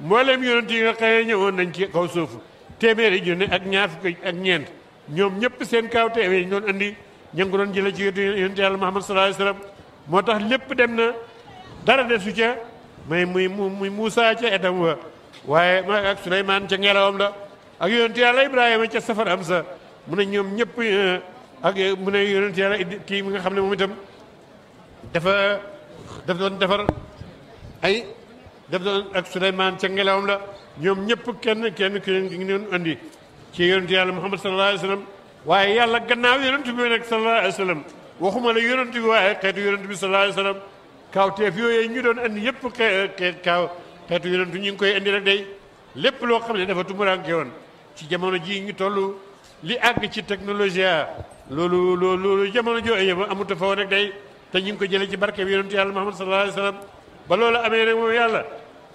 mboolem yonent yi nga xëyee nañ ci kaw suuf téeméeri junne ak ñaar fukk ak ñeent ñoom ñëpp seen kaw teewee ñu doon andi ñu ngi ko doon jëlee ci yonent yàlla Muhammad sallallahu alayhi moo tax lépp dem na dara desu ca may muy muy Moussa ca etam wa waaye ak Souleymane ca ngelawam la ak yonent yàlla Ibrahima ca am sa mu ne ñoom ñëpp eh, ak eh, mu ne yonent yàlla kii mi nga xam ne moom itam daf doon defar ay daf doon ak Souleymane ca ngelawam la ñoom ñëpp kenn kenn ki ngi doon andi ci yonentu yàlla Muhammad sallallahu alayhi wa waaye yàlla gannaaw yonent bi nag sallallahu alayhi wa sallam waxuma la yonent bi waaye xeetu yonent bi sallallahu alayhi wa sallam kawteef yooyu ñu doon andi yëpp kaw xeetu yonent ñu ngi koy andi rek day lépp loo xam ne dafa tumuraanke woon ci jamono ji ñu toll li àgg ci technologie loolu loolu loolu jamono jooju yëpp amut fa woon day te ñu ngi ko jëlee ci barke bi yonentu yàlla Muhammad sallallahu alayhi wa sallam ba loolu amee rek moom yàlla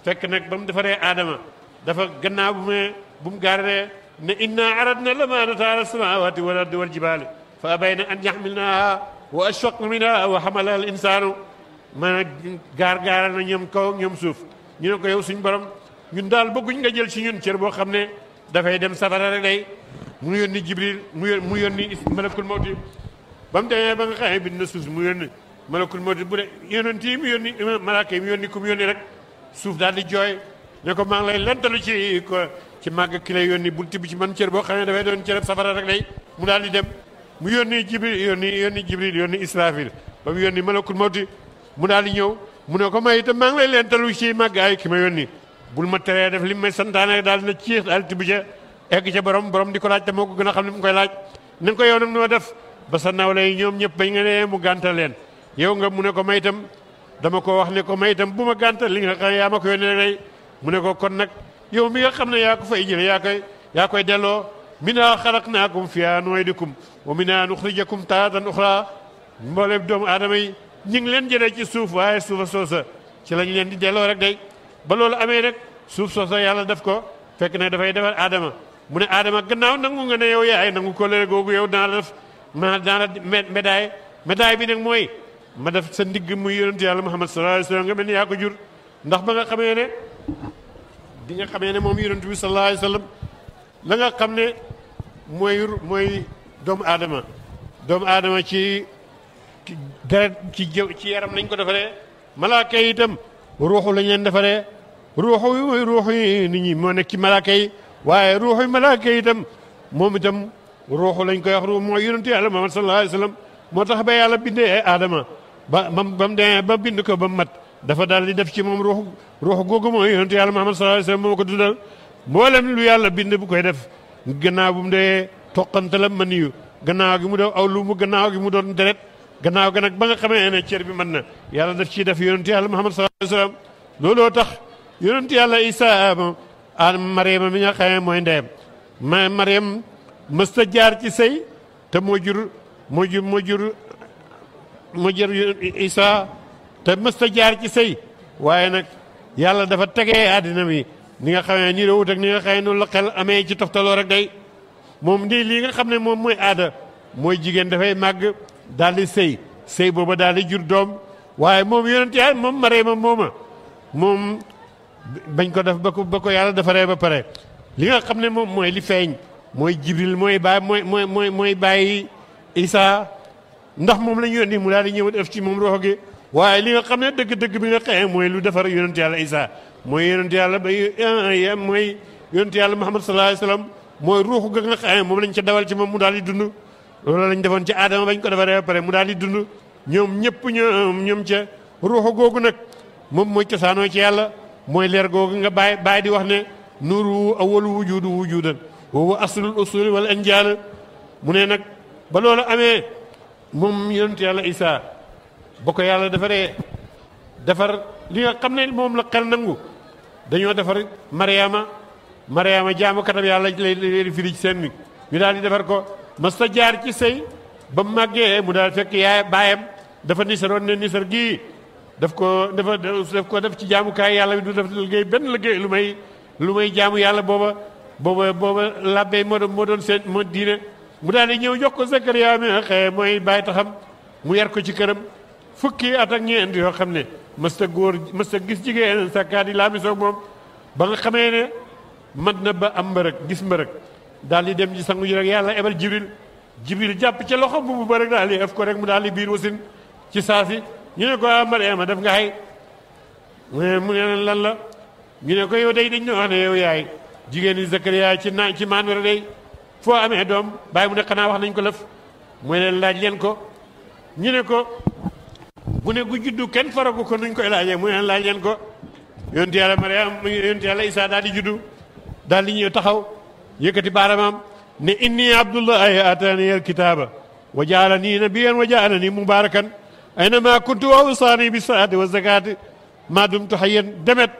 fekk nag ba mu defaree aadama dafa gannaaw bu mu bu mu gaaree ne inna aradna lamaanata ala samaawaati wal ardi wal jibaali fa abayna an yaxmilnaha wa ashfaqna minha wa xamalaha al insaanu ma gaar gaara na ñoom kaw ñoom suuf ñu ne ko yow suñu borom ñun daal bëgguñ nga jël ci ñun cër boo xam ne dafay dem safara rek day mu yónni jibril mu yónni malakul mawti ba mu demee ba nga xamee bind na suuf mu yónni malakul mawt bu de yonent yi mu yónni malaaka yi mu yónni rek suuf dal di joy ne ko maa ngi lay lantalu ci ko ci mag ki lay yónni bul tibb ci man cer bo xam da dafay don cërab safara rek lay mu dal di dem mu yoni jibril yoni yoni jibril yoni israfil ba mu yónni malakul mawti mu dal di ñew mu ne ko may itam maa ngi lay lantalu ci mag ay ki ma yoni bul ma tere def lim may santane dal na ci dal tibb ca egg ci borom borom di ko laaj te moko gëna xam ni mu koy laaj na ko yow nak no def ba sa nawlay ñom ñep bañ nga ne mu gàntal yow nga mu ne ko may tam dama ko wax ne ko may itam bu ma gàntal li nga xam yaa ma ko rey mu ne ko kon nag yow mi nga xam ne yaa ko fay jële yaa koy yaa koy delloo minaa xalaqnaakum fiihaa nu'iidukum wa minhaa nuxrijakum taaratan uxraa mboolem doomu aadama yi ñu ngi leen jëlee ci suuf waaye suufa soosa ci lañ leen di delloo rek day ba loolu amee rek suuf soosa yàlla def ko fekk ne dafay defar aadama mu ne aadama gannaaw nangu nga ne yow yaay nangu ko léegi googu yow dana la def maanaam dana ma def sa ndigg muy yonent yàlla muhammad sallallahu alayhi wa sallam nga mel ni yaa ko jur ndax ba nga xame ne di nga xamee ne moom yonent bi sallallahu alayhi la nga xam ne mooy mooy doomu aadama doomu aadama ci deret ci ci yaram lañ ko defaree malaaka yi itam ruuxu lañ leen defaree ruuxu yi mooy yi nit ñi moo nekk ci malaaka yi waaye ruuxu yi malaaka yi itam moom itam ruuxu lañ koy wax ruux mooy yonent yàlla muhammad sallallahu alayhi wa sallam moo tax ba yàlla bindee aadama ba ba mu demee ba bind ko ba mat dafa daal di def ci moom ruux ruux googu mooy yonentu yàlla Muhammad sallallahu alayhi wasallam moo ko dundal mboolem lu yàlla bind bu koy def gannaaw bu mu dee toqante la man yu gannaaw gi mu doon aw lu mu gannaaw gi mu doon deret gannaaw gi nag ba nga xamee ne cër bi mën na yàlla daf ciy def yonentu yàlla Muhammad sallallahu alayhi wasallam looloo tax yonentu yàlla Isaa moom a Mariama mi nga xamee mooy ndeyam ma Mariam mësta jaar ci sëy te moo jur moo jur moo jur mu jër Isa te mësta jaar ci sëy waaye nag yàlla dafa tegee àddina bi ni nga xamee nii wut ak ni nga xamee noonu la amee ci toftaloo rek day moom ndi lii nga xam ne moom mooy aada mooy jigéen dafay màgg daal di sëy sëy booba daal di jur doom waaye moom yonent yàlla moom maree ma mooma moom bañ ko def ba ko ba ko yàlla defaree ba pare li nga xam ne moom mooy li feeñ mooy jibril mooy baay mooy mooy mooy mooy isaa ndax mom lañu ñu mu daal di def ci mom rox ge waye li nga xamne deug deug bi nga xeexee moy lu defar yonent yàlla isa moy yonent yàlla ba moy yonent yàlla muhammad sallallahu alayhi wasallam moy ruuxu ga nga xeexee mom lañ ci dawal ci mom mu daal dund loolu lañ defon ci aadama bañ ko defare pare mu daal dund ñom ñëpp ñom ñoom ca ruuxu googu nag moom mooy cosaanoo ci yàlla moy leer gogu nga bay bay di wax ne nuru awalu wujudu wujudan wa huwa aslul usul wal anjal mune nak ba loolu amee moom yonent yàlla Isaa ba ko yàlla defaree defar li nga xam ne moom la xel nangu dañoo defar Mariama Mariama jaamu katam yàlla lay lay firi ci seen mi ñu daal di defar ko mas ta jaar ci sëy ba mu màggee mu daal fekk yaay baayam dafa nisaroon ne nisar gii daf ko dafa daf ko def ci jaamukaay yàlla bi du def liggéey benn liggéey lu may lu may jaamu yàlla booba booba booba làbbe moo doon moo doon seen moo diine mu daal di ñëw jox ko Sakariya mi xëy mooy bàyyi taxam mu yar ko ci këram fukki at ak ñeent yoo xam ne mësta góor mësta gis jigéen sakkaat di laa misoog moom ba nga xamee ne mat na ba am mbërëg gis mbërëg daal di dem ci sangu ji rek yàlla ebal jibril jibril jàpp ca loxo bu mu bërëg daal di ëf ko rek mu daal di biir wasin ci saasi ñu ne ko ah Mariama def nga xay mu ne lan la ñu ne ko yow day dañ ne wax ne yaay jigéen ñi Sakariya ci naa ci maan fo amé dom bay mu ne xana wax nañ ko leuf mu ne laaj len ko ñu ne ko bu ne gu juddu ken faragu ko nuñ koy laaje mu ne laaj len ko yonti yàlla Mariam yonti yàlla Isa dal di juddu dal li ñëw taxaw yëkëti baramam ne inni abdullahi atani alkitaba wa jaalani nabiyan wa jaalani mubarakan aynama kuntu wa usaani bi saati wa zakaati ma dumtu hayyan demet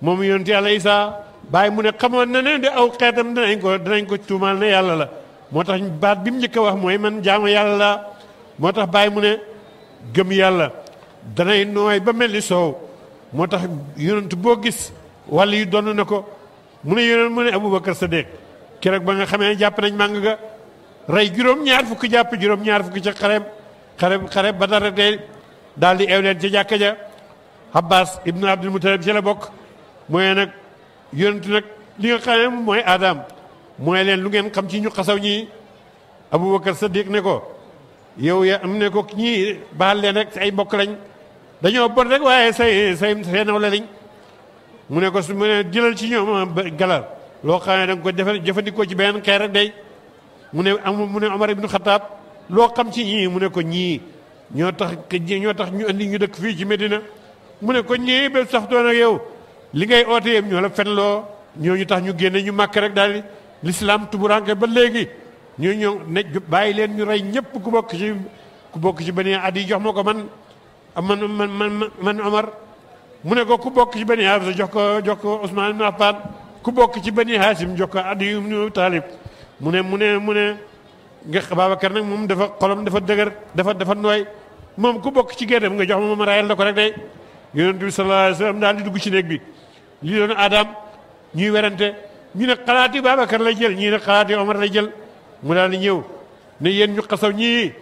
moom yonent yàlla Isa baay mu ne xamoon na ne de aw xeetam danañ ko danañ ko tuumaal ne yàlla la moo tax baat bi mu njëkk a wax mooy man jaamu yàlla la moo tax baay mu ne gëm yàlla danay nooy ba mel ni soow moo tax yonent boo gis wàll yu donn na ko mu ne yonent mu ne Aboubacar Sadiq keroog ba nga xamee jàpp nañ màng ga rey juróom-ñaar fukki jàpp juróom-ñaar fukki ca xareb xareb xareb ba dara tey daal di ew leen ca ja Abbas ibnu Abdul Mutalib ci la bokk mooy yonent nag li nga xam ne mooy aadaam mooy leen lu ngeen xam ci ñu xasaw ñii aboubacar sadiq ne ko yow ya am ne ko ñii baal leen rek si ay mbokk lañ dañoo bon rek waaye say say seenaw la lañ mu ne ko su mu ne jëlal ci ñoom ah, galal loo xam ne da ko defe jëfandikoo ci benn xeer rek day mu ne am mu ne Omar ibnu Xataab loo xam ci ñii mu ne ko ñii ñoo tax ñoo tax ñu andi ñu dëkk fii ci Medina mu ne ko ñii ba sax doon ak yow li ngay oote yëpp ñoo loo fenloo ñooñu tax ñu génne ñu màkk rek daal lislaam tuburanke ba léegi ñoo ñëw ne bàyyi leen ñu rey ñëpp ku bokk ci ku bokk ci bani at yi jox ma ko man man man man man Omar mu ne ko ku bokk ci bani Hafsa jox ko jox ko Ousmane ibn ku bokk ci bani Haasim jox ko Adi ibn mu ne mu ne mu ne nga Babacar nag moom dafa xolam dafa dëgër dafa dafa nooy moom ku bokk ci mu nga jox ma ma rayal la ko rek day yonent bi sallallahu alayhi wa daal di dugg ci néeg bi. li doon Adam ñuy werante ñu ne xalaati Babacar lay jël ñii ne xalaati Omar lay jël mu daal di ñëw ne yéen ñu xasaw ñii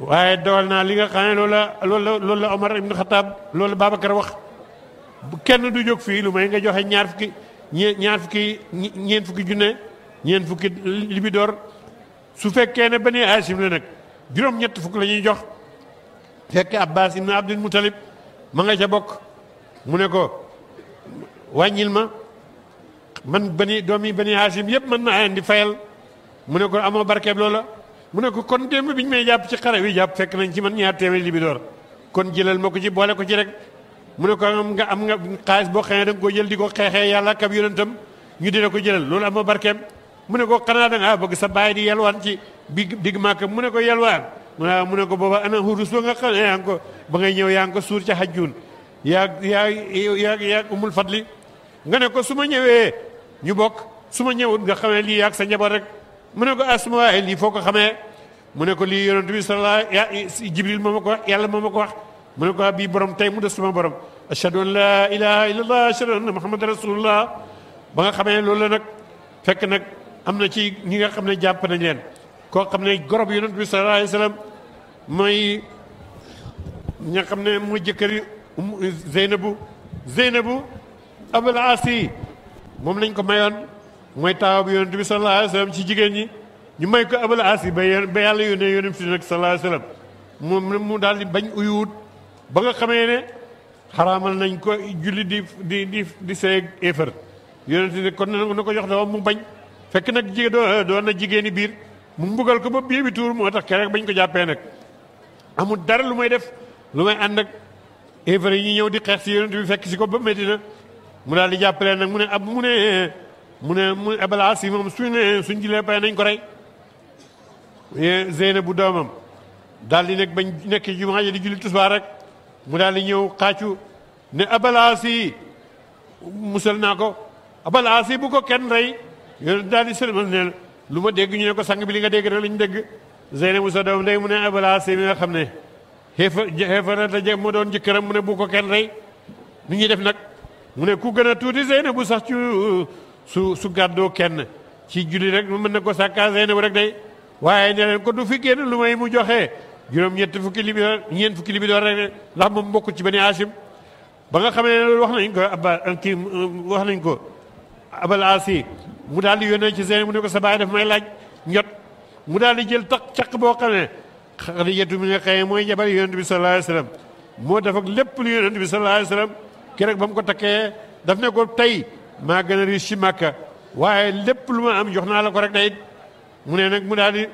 waaye dogal naa li nga xam lool loolu la loolu la Omar ibn Khattab loolu la Babacar wax kenn du jóg fi lu may nga joxe ñaar fukki ñaar fukki ñeent fukki junne ñeent fukki libidoor su fekkee ne Bani Hashim la nag juróom-ñett fukk la ñuy jox fekk Abbas ibn Abdul Muttalib ma nga ca bokk mu ne ko. wàññil ma man bani domi bani hashim yeb man na leen fayal mu ne ko amo barkeeb lola mu ne ko kon dem biñ may japp ci xare wi japp fek nañ ci man ñaar libi libidor, kon jëlal mako ci bolé ko ci rek mu ne ko am nga am nga xaliss bo xéne dang ko jël di ko xeexee yàlla ak ab yonentam ñu dina ko jëlal loolu amo barkeeb mu ne ko xana da nga bëgg sa di yelwan ci bi digg mu ne ko yelwan mu ne ko booba ana hurus nga xam yang ko ba ngay ñëw yang ko sur ci hajjun yak yak yak umul fadli nga ne ko su ñëwee ñu bokk suma ma ñëwut nga xamee lii ak sa njaboot rek mu ne ko ah su ma waxee lii foo ko xamee mu ne ko lii yonent bi sallallahu jibril moo ma ko wax yàlla moo ma ko wax mu ne ko bi borom tey mu des suma borom ashhadu an la ilaha illallah ashhadu anna muhammad rasulullah ba nga xamee loolu la nag fekk nag am na ci ñi nga xam ne jàpp nañ leen koo xam ne gorob yonent bi sallallahu alayhi wasallam mooy ñi nga xam ne mooy jëkkëri zeynabu zeynabu abul asi mom lañ ko mayon moy tawab bi yonent sallallahu alaihi wasallam ci jigen ñi ñu may ko abul asi ba yalla yu ne yonent bi sallallahu alaihi wasallam mom mu dal di bañ uyuut ba nga xamé ne haramal nañ ko julli di di di di seeg éefar yonent ne kon na ko jox doom mu bañ fekk nak jige do do na jigéeni bir mu mbugal ko ba bii bi tour motax tax kerek bañ ko jappé nak amu dara lu may def lu may and ak éefar yi ñew di xex si yonent bi fekk ci ko ba medina mu daal di jàppale nag mu ne ab mu ne mu ne mu abalaas yi moom suñ ne suñ nañ ko rey Zeyna bu doomam daal di nekk bañ nekk jumaa di julli rek mu daal di ñëw xaacu ne abalaas yi musal naa ko abalaas yi bu ko kenn rey yéen daal di sëlmal ne lu ma dégg ñu ne ko sang bi li nga dégg rek la ñu dégg Zeyna bu sa doom day mu ne abalaas yi mi nga xam ne xeefa xeefa rata je moo doon jëkkëram mu ne bu ko kenn rey nu ñuy def nag mu ne ku gën a tuuti bu sax ci uh, su su gàddoo kenn ci julli rek mën na ko sàkkaa Zeynabu rek day waaye ne leen ko du fi génn lu may mu joxe juróom-ñett fukki libidoor ñeent fukki libidoor rek de ndax moom bokkul ci Bani Hashim ba nga xamee ne loolu wax nañ ko abba uh, kii um, wax nañ ko abal asi mu daal di yónnee ci Zeynab mu ne ko sa baay daf may laaj njot mu daal di jël tak caq boo xam ne Xadijatu mi nga xëye mooy jabar yonent bi sallallahu alayhi wa sallam moo def lépp lu yonent bi sallallahu alayhi wa كرك بامكو تاك داف نكو تاي ما غن ريسي ماكا واي ليب ما ام جوخنا لا كو رك داي مو نك مو دادي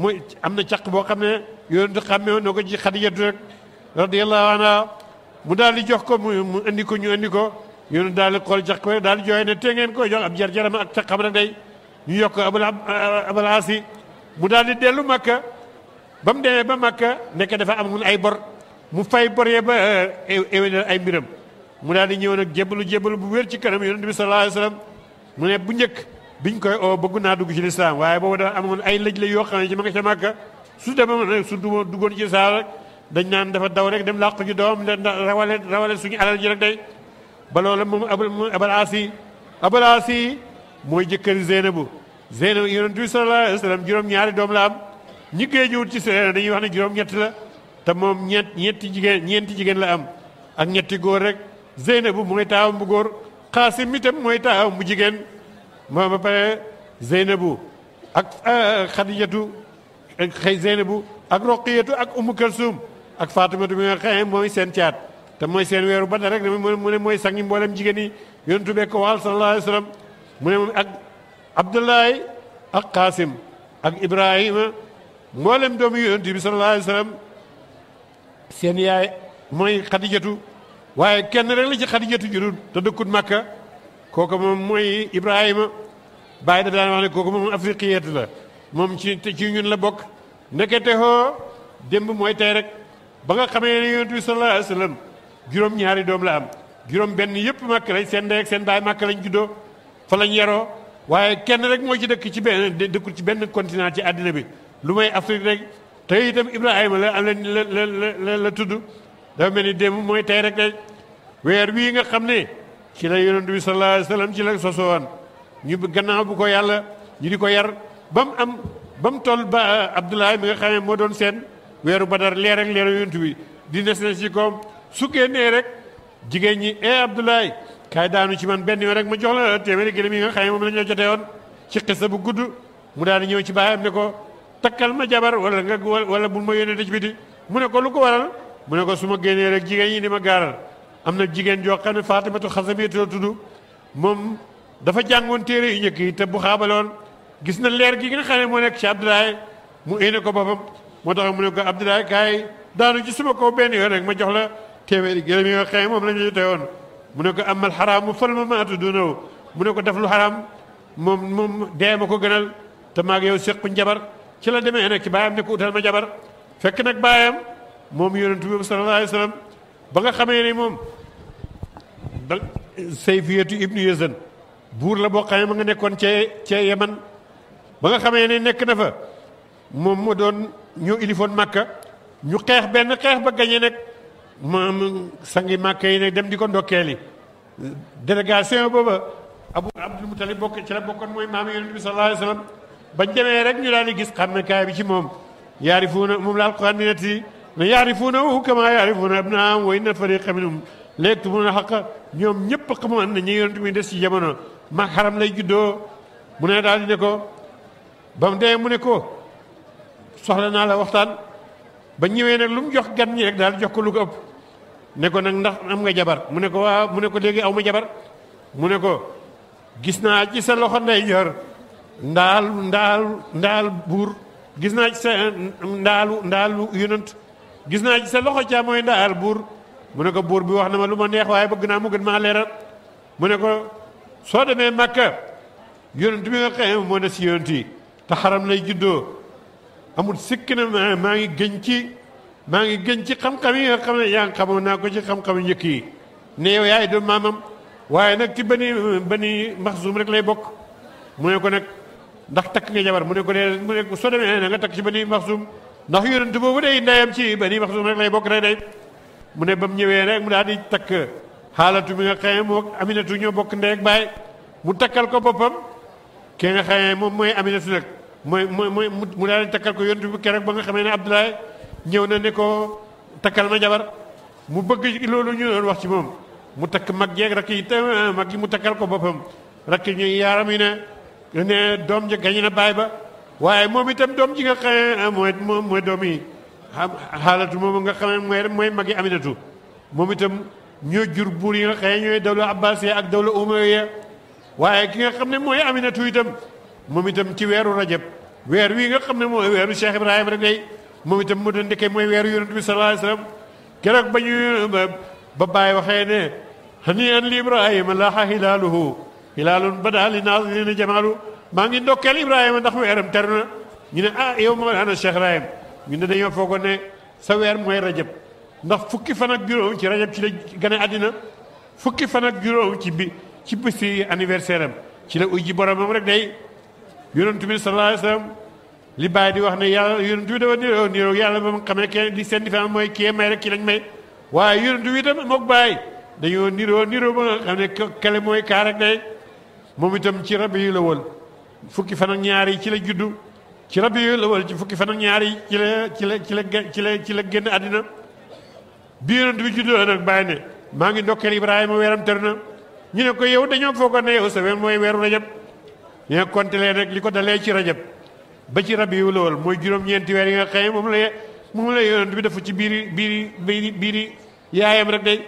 مو امنا تياق بو خامي يونت خامي نوكو جي خديجه رضي الله عنها مو دادي جوخكو مو اندي كو ني اندي كو يونت دالي خول تياق كو دالي جوي ني تيغن كو جوخ ام جير جير ما تياق خام رك داي ني يوك ابو العب ابو العاصي مو دادي ديلو ماكا بام ديمي با ماكا نك دافا امون اي بور مو فاي بور يبا اي اي اي mu daal di ñëw nag jébbalu jébbalu bu wér ci kanam yonent bi sallallahu alayhi wasallam mu ne bu njëkk biñ koy oo bëgg naa dugg ci lislaam waaye boobu dafa amoon ay lëj la yoo xam ne ci ma nga ca màkka su demoon su duggoon ci saa rek dañ naan dafa daw rek dem làq ji doom rawale rawale suñu alal ji rek day ba la moom abal asi abal asi mooy jëkkër Zeynabu Zeynabu yonent bi sallallahu alayhi wasallam juróom ñaari doom la am ñi koy jiwut ci seen dañuy wax ne juróom la te moom ñett ñetti jigéen ñeenti jigéen la am ak ñetti góor rek Zeynabu mooy taawam bu góor Xaasim itam mooy taawam bu jigéen moo ba pare ak ah, Xadijatu ak xëy Zeynabu seen te mooy seen weeru rek mu ne mooy jigéen yi yontu bee ko waxal sallallahu alayhi wa sallam yaay mooy Xadijatu waaye kenn rek la ci xadijatu jurul te dëkkut màkka kooku moom mooy ibrahima bàyyi da daan wax ne kooku moom afriqiyat la moom ci ci ñun la bokk nekkete hoo démb mooy tey rek ba nga xamee ne yonent bi sallallahu alayhi juróom ñaari doom la am juróom benn yëpp màkk lañ seen ndey seen daa màkk lañ juddoo fa lañ yaroo waaye kenn rek mooy ci dëkk ci benn dëkkul ci benn continent ci àddina bi lu may Afrique rek te itam Ibrahima la la la la tudd dafa mel ni démb mooy tey rek de weer wii nga xam ne ci la yonent bi sallallahu alayhi wasallam ci la sosoon ñu gannaaw bu ko yàlla ñu di ko yar bam am bam tol toll ba eh, abdoulaye mi nga xam ne moo doon seen weeru badar leer ak leeru yonent bi di nes na ci koom su génnee rek jigéen ñi e abdoulaye kaay daanu ci man benn yoon rek ma jox la téeméeri gëlëm yi nga xam ne moom la ñoo jotee ci xisa bu gudd mu daan ñëw ci baayam ne ko takkal ma jabar wala nga wala bul ma yónnee ci biti mu ne ko lu ko waral mu ne ko su ma génnee rek jigéen ñi di ma gaaral am na jigéen joo xam ne Faatimatu dafa jàngoon téere yu njëkk yi te bu xaabaloon gis na leer gi nga xam ne moo nekk ci Abdoulaye mu éne ko boppam moo tax mu ne ko Abdoulaye kaay daanu ci suma kaw benn yoon rek ma jox la téeméeri gërëm yi nga xam ne moom la ko amal xaraam fal ma maatu dunaw mu ko def lu xaraam moom moom dee ma gënal te maag yow séqu njabar ci la demee nag ci baayam utal ma jabar fekk nag baayam moom yonent bi sallallahu alayhi wa sallam ba nga xamee ne moom da sayfiyatu ibnu yazan buur la boo xamee ma nga nekkoon cee cee yaman ba nga xamee ne nekk na fa moom mu doon ñoo ilifoon màkka ñu xeex benn xeex ba gañe nag moom sangi màkka yi nag dem di ko ndokkeeli délégation booba abu abdul mutalib bokk ci la bokkoon mooy maam yonent bi sallallahu alayhi wa sallam bañ demee rek ñu daal di gis xàmmekaay bi ci moom yaarifuuna moom la alquran di netti yaarifuunahu kama yaarifuuna abnaahum wa inna fariqa minhum la yaktubuuna al-haqqa ñoom ñëpp xamoon na ñu yonent mi des ci jamono mag xaram lay juddoo mu ne daal di ne ko ba mu dee mu ne ko soxla naa la waxtaan ba ñëwee nag lu mu jox gan ñi rek daal jox ko lu ko ëpp ne ko ndax am nga jabar mu ne ko waaw mu ne ko léegi aw ma jabar mu ne ko gis naa ci sa loxo ndeyjoor ndaal ndaal ndaal buur gis naa ci sa ndaalu ndaalu yonent gis naa ci sa loxo caa mooy ndaar buur mu ne ko buur bi wax na ma lu ma neex waaye bëgg naa mu gën maa leeral mu ne ko soo demee Makka yonent bi nga xëy moo ne si yonent yi te xaram lay juddoo amut sikk na maa ngi gën ci maa ngi gën ci xam-xam yi nga xam ne yaa ngi xamoon naa ko ci xam-xamu njëkk yi ne yow yaay doon maamam waaye nag ci bani bani maxsuum rek lay bokk mu ne ko nag ndax takk nga jabar mu ne ko dee mu ne soo demee na nga takk ci bani maxsuum ndax yonent boobu day ndeyam ci bani maxsuum rek lay bokk rek day mu ne ba mu ñëwee rek mu daal di takk xaalatu bi nga xamee moom aminatu ñoo bokk ndey ak baay mu takkal ko boppam ke nga xamee moom mooy aminatu nag mooy mooy mooy mu daal di takkal ko yonent bi keroog ba nga xamee ne Abdoulaye ñëw na ne ko takkal ma jabar mu bëgg loolu ñu doon wax ci moom mu takk mag jeeg rakk yi te ah, mag yi mu takkal ko boppam rakk ñuy yaaram yi ne ne doom ja gañ na baay ba waaye moom itam doom ji nga xamee ah mooy moom mooy doom yi xam xaalatu moom nga xamee mooy mooy magi aminatu moom itam ñoo jur buur yi nga xamee ñooy dawla abbasiya ak dawla umayya waaye ki nga xam ne mooy aminatu itam moom itam ci weeru rajab weer wii nga xam ne moo weeru Cheikh Ibrahima rek day moom itam mu doon ndeke mooy weeru yonent bi sa alayhi wasallam keroog ba ñu ba bàyyi waxee ne hani an li ibrahima laaxa hilaaluhu hilaalun badaa li naazirina jamaalu maa ngi ndokkeel Ibrahima ndax weeram ter na ñu ne ah yow ma ana Cheikh Ibrahim ñu ne dañoo foogoon ne sa weer mooy rajab ndax fukki fan ak juróom ci rajab ci la gane àddina fukki fan ak juróom ci bi ci bési anniversaire am ci la ujji boromam rek day yonentu bi sallallahu alayhi li bàyyi di wax ne yaal yonentu bi dafa niroo niroo yàlla ba mu xamee kenn di seen différence mooy kii may rek ki lañ may waaye yonentu bi itam mook bàyyi dañoo niroo niroo ba nga xam ne mooy kaa rek day moom itam ci rab yi fukki fan ak ci la juddu ci rabiul awal ci fukki fan ñaari ci la ci la ci ci la ci génn àddina bi yonent bi juddoo nag bàyyi ne maa ngi ndokkeel Ibrahima weeram tër na ñu ne ko yow dañoo foogoon ne yow sa weer mooy weeru rajab ñu ne konte lee li ko dalee ci rajab ba ci rabiul awal mooy juróom-ñeenti weer yi nga xëy moom la moom la yonent bi dafa ci biiri biiri biiri biiri yaayam rek day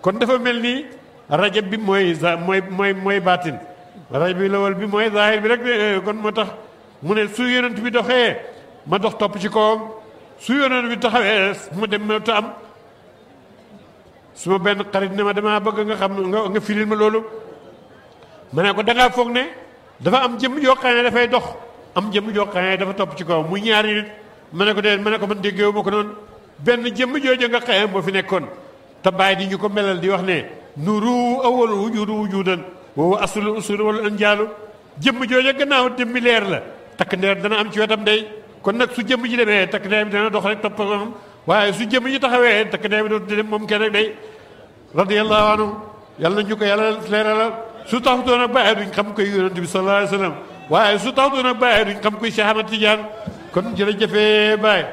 kon dafa mel ni rajab bi mooy mooy mooy mooy baatin raj bi lawal bi mooy zahir bi rek eh, kon moo tax mu ne su yonent bi doxee ma dox topp ci kawam su yonent bi taxawee mu dem ma ta am su benn xarit ne ma bëgg nga xam nga nga ma loolu ma ne ko dangaa foog ne dafa am jëm yoo xam dafay dox am jëm yoo xam dafa topp ci kawam muy ñaari nit ma ne ko dee ma ne ko ma déggeewu ma ko noonu benn jëmm jooju nga xëy moo fi nekkoon te bàyyi di ñu ko melal di wax ne nuru awal wujudu wujudan woowu asul usul wala anjaalu jëmm jooja gannaaw dëmmi leer la takk ndeer dana am ci wetam day kon nag su jëmm ji demee takk ndeer bi dana dox rek topp am waaye su jëmm ji taxawee takk ndeer bi dootu dem moom kenn rek day radiyallahu anhu ko yàlla leeralal su taxutoon ak bàyyi duñ xam koy yonent bi sallallahu alayhi wa sallam waaye su taxutoon ak bàyyi duñ xam koy Cheikh Ahmad Tidiane kon jërëjëfee Baye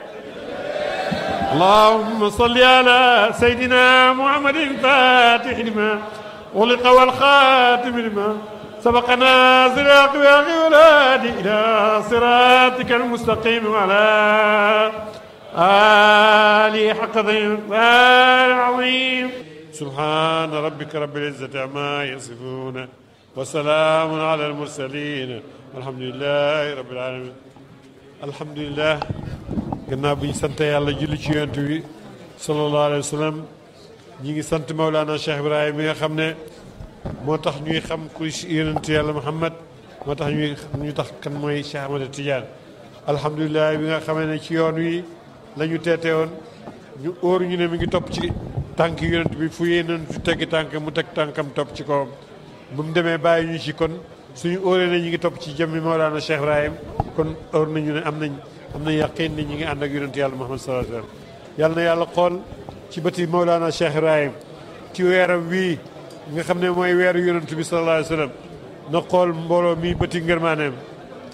allahumma salli ala sayyidina muhammadin fatih lima ولقى والخاتم لما سبق يا اخي ولادي إلى صراطك المستقيم وعلى آله حق العظيم سبحان ربك رب العزة عما يصفون وسلام على المرسلين الحمد لله رب العالمين الحمد لله gannaaw bi الله sant yàlla صلى الله عليه وسلم ñu ngi sant Maulana Cheikh Ibrahima mi nga xam ne moo tax ñuy xam ku yonent yàlla Muhammad moo tax ñuy ñu tax kan mooy Cheikh Ahmada Tidiane alhamdulilah bi nga xamee ne ci yoon wi la teete woon ñu óor ñu ne mi ngi topp ci tànk yonent bi fu yéeneen su teggi tànk mu teg tànkam topp ci kawam bu mu demee bàyyi ñu ci kon suñu óoree ne ñu ngi topp ci jëmmi Maulana Cheikh Ibrahima kon óor nañu ne am nañ am nañ yaqin ne ñu ngi ànd ak yonent yàlla Muhammad sallallahu alayhi wa ci bëti Maulana Cheikh Ibrahim ci weeram wi nga xam moy mooy yaronte bi sallallahu alayhi wasallam sallam na xool mi bëti ngërmaaneem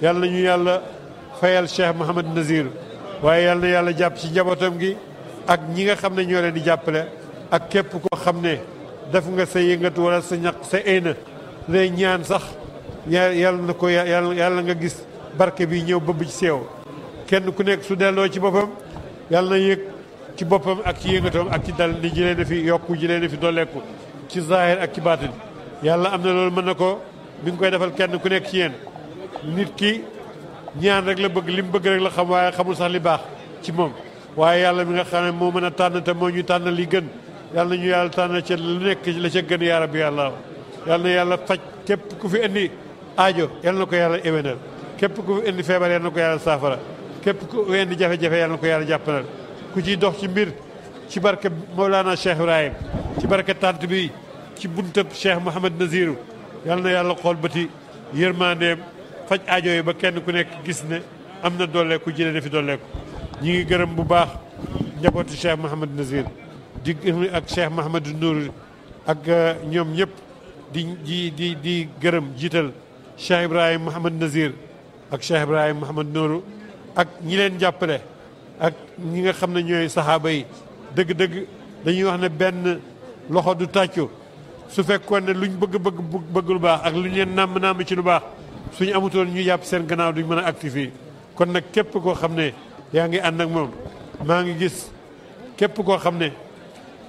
yalla ñu yalla fayal Cheikh Mouhamad Nazir waye yalla yalla japp ci njabotam gi ak ñi nga xam ñoo leen di jàppale ak képp ko xam ne def nga sa yëngatu wala sa ñak sa ayna lay ñaan sax ya-, yalla nako yalla yalla nga gis barke bi ñëw bëb ci sew kenn ku nekk su delo ci bopam yalla na ci boppam ak ci yëngatoom ak ci dal li jëlee na fi yokku jëlee na fi dolleeku ci zaahir ak ci baatin yàlla am na loolu mën na ko mi koy defal kenn ku nekk ci yéen nit ki ñaan rek la bëgg li mu bëgg rek la xam waaye xamul sax li baax ci moom waaye yàlla mi nga xam ne moo mën a tànn te moo ñu tànn li gën yàlla nañu yàlla tànn ca lu nekk la ca gën yaa rabbi yàlla yàlla yàlla faj képp ku fi indi aajo yàlla na ko yàlla éwénal képp ku fi indi feebar yàlla na ko képp ku indi jafe-jafe yàlla na ko yàlla jàppanal ku ci dox ci mbir ci barke Mawlana Cheikh Ibrahim ci barke tànt bi ci buntab Cheikh Mouhamad Naziru yal na yàlla xool bëti yërmandeem faj aajo yi ba kenn ku nekk gis ne am na dooleeku jëlee na fi dooleeku ñi ngi gërëm bu baax njabootu Cheikh Mouhamad Nazir di ak Cheikh Mouhamad Nour ak euh, ñoom ñëpp di di di di gërëm jiital Cheikh Ibrahim Mouhamad Nazir ak Cheikh Ibrahim Mouhamad Nour ak ñi leen jàppale ak ñi nga xam ne ñooy saxaaba yi dëgg-dëgg dañuy wax ne benn loxo du tàccu su fekkoon ne luñ bëgg bëgg bëgg lu baax ak luñ leen nàmm nàmm ci lu baax suñu amutoon ñu yàpp seen gannaaw duñ mën a activé kon nag képp koo xam ne yaa ngi ànd ak moom maa ngi gis képp koo xam ne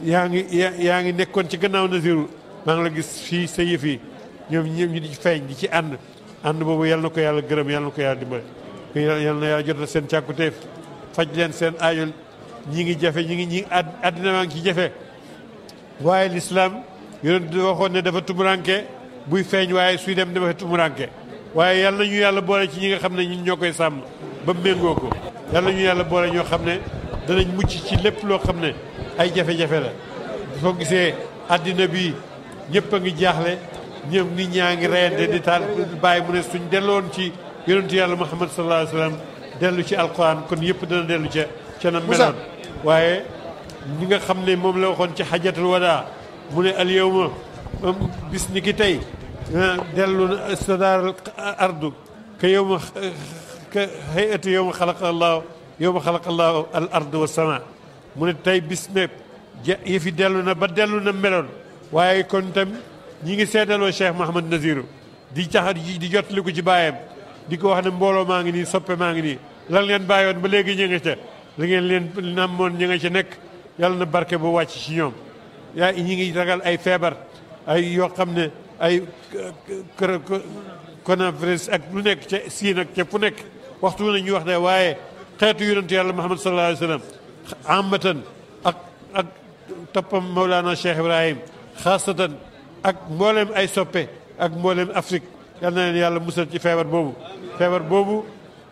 yaa ngi yaa ngi nekkoon ci gannaaw Naziru maa ngi la gis fii sa yëf yi ñoom ñëpp ñu di feeñ di ci ànd ànd boobu yal na ko yàlla gërëm yal na ko yàlla dimbale yal na yàlla jotal seen càkkutéef faj leen seen aayul ñi ngi jafe ñi ngi ñi àddina maa ngi ci jafe waaye lislaam yonent dafa waxoon ne dafa tumuranke buy feeñ waaye suy dem dafa tumuranke waaye yàlla ñu yàlla boole ci ñi nga xam ne ñun ñoo koy sàmm ba méngoo ko yàlla ñu yàlla boole ñoo xam ne danañ mucc ci lépp loo xam ne ay jafe-jafe la soo gisee àddina bi ñëpp a ngi jaaxle ñoom nit ñaa ngi reyante di taal bàyyi mu ne suñ delloon ci yonentu yàlla muhammad sallallahu alayhi dellu ci alquran kon yëpp dana dellu ca ca na meloon waaye ñi nga xam ne moom la waxoon ci xajatul wadaa mu ne al yawma bis ni ki tey dellu na stadaar ardu ka yawma ka hayati yawma xalaqa allahu yawma xalaqa allahu al ardu wa sama mu ne tey bis ne yëfi dellu na ba dellu na meloon waaye kon tam ñi ngi seedaloo Cheikh Mahamad Naziru di caxat di jotali ko ci baayam di ko wax ne mbooloo maa ngi nii soppe maa ngi nii lan leen bàyyoon ba léegi ñu ca la ngeen leen namoon ñu nga ca nekk yàlla na barke bu wàcc ci ñoom yaa ñi ngi ragal ay feebar ay yoo xam ne ay coronavirus ak lu nekk ca siin ak ca fu nekk waxtu wu ne wax ne waaye xeetu yonent yàlla Muhammad sallallahu alayhi wa sallam amatan ak ak toppam Mawlana Cheikh Ibrahim xaasatan ak mboolem ay soppe ak mboolem Afrique yal na leen yàlla musal ci feebar boobu feebar boobu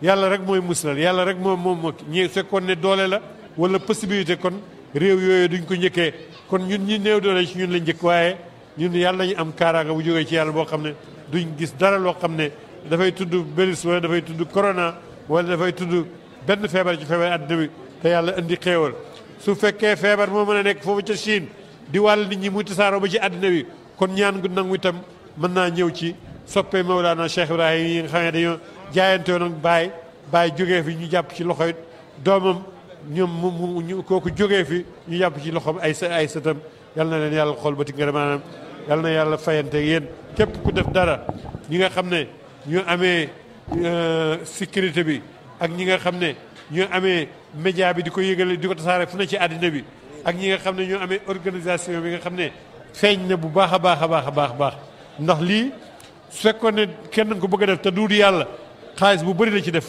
yàlla rek mooy muslal yàlla rek moom moom moo ñi fekkoon ne doole la wala possibilité kon réew yooyu duñ ko njëkkee kon ñun ñi néew doole ci ñun la njëkk waaye ñun yàlla ñu am kaaraanga bu jógee ci yàlla boo xam ne duñ gis dara loo xam ne dafay tudd bélis wala dafay tudd korona wala dafay tudd benn feebar ci feebar àddina te yàlla indi xeewal su fekkee feebar moo mën a nekk foofu ca Chine di wàll nit ñi muy tasaaroo ci àddina bi kon ñaan gu nangu itam mën naa ñëw ci soppe Mawlana Cheikh Ibrahim yi nga xamé dañu dañoo jaayantoo bay bay baay fi ñu jàpp ci loxoy domam ñom mu mu kooku jógee fi ñu jàpp ci loxom ay ay sëtam yalla na len yàlla xol ba ti ngir manam yalla na yàlla fayante yéen kep ku def dara ñi nga xamné ñu amé sécurité bi ak ñi nga xamné ñu amé média bi diko ko yëgale di ko fu na ci adina bi ak ñi nga xamné ñu amé organisation bi nga xamné feñ na bu baaxa baaxa baaxa baax baax ndax li su fekkoon ne kenn nga ko bëgg a def te duudu yàlla xaalis bu bëri la ci def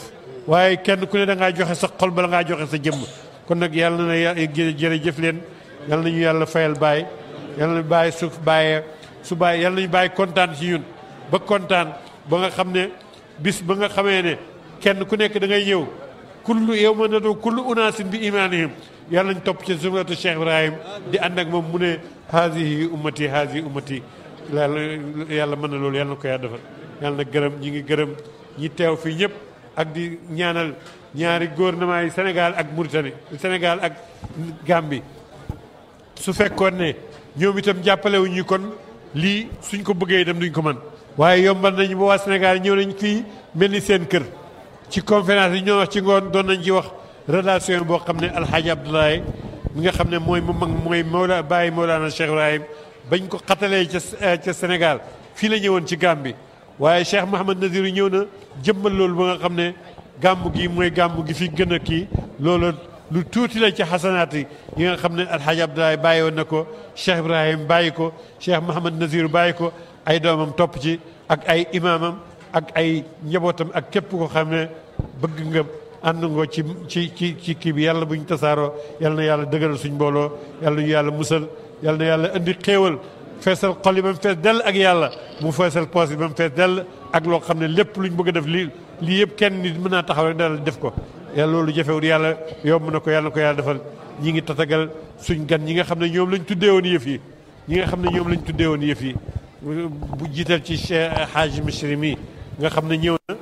waaye kenn ku ne dangay joxe sa xol bala ngaa joxe sa jëmm kon nag yàlla na jërëjëf leen yàlla nañu yàlla fayal baay yàlla na bàyyi su bàyyee su bàyyi yàlla nañu bàyyi kontaan ci ñun ba kontaan ba nga xam ne bis ba nga xamee ne kenn ku nekk da ngay ñëw kullu yow ma natoo kullu unaasin bi imaanihim yal nañ topp ci sunnatu Cheikh Ibrahim di ànd ak moom mu ne haasihi ummati haasihi ummati yàlla yàlla mën na loolu yàlla na ko yàlla defal yàlla na gërëm ñi ngi gërëm ñi teew fii ñëpp ak di ñaanal ñaari góor gouvernement yi Sénégal ak Mauritanie Sénégal ak Gambie su fekkoon ne ñoom itam jàppale wu kon lii suñ ko bëggee dem duñ ko man waaye yombal nañu ba waa Sénégal ñëw nañ fii mel ni seen kër ci conférence yi ñoo wax ci ngoon doon nañ ci wax relation boo xam ne Alxaaji Abdoulaye mi nga xam ne mooy mu mag mooy Mawla Baye Mawlaana Cheikh Ibrahim bañ ko xatalee ca ca Sénégal fii la ñëwoon ci Gàmbi waaye Cheikh Mouhamad Nasiru ñëw na jëmmal loolu ba nga xam ne gàmmu gi mooy gàmmu gi fi gën a kii loolu lu tuuti la ci xasanaat yi nga xam ne Alxaaji Abdoulaye bàyyi woon na ko Cheikh Ibrahim bàyyi ko Cheikh Mouhamad Nasiru bàyyi ko ay doomam topp ci ak ay imaamam ak ay njabootam ak képp ko xam ne bëgg nga ànd ngoo ci ci ci ci kii bi yàlla buñ tasaaroo yàlla na yàlla dëgëral suñ mbooloo yàlla ñu yàlla musal يالنا يالا اندي خيول فيصل قلي بام فدل اك يالا مو فيصل بوسي بام فدل اك لو خامني ليپ لوني بوجا ديف لي لي ييب كين نيت منا تاخاو رك دال ديف كو يالا لولو جيفو يالا يوم نكو يالا نكو يالا ديفال نيغي تاتاغال سوني غان نيغا خامني يوم لاني توديون يفي نيغا خامني يوم لاني توديون يفي bu jiital ci haaj mishrimi nga xam ne ñëw na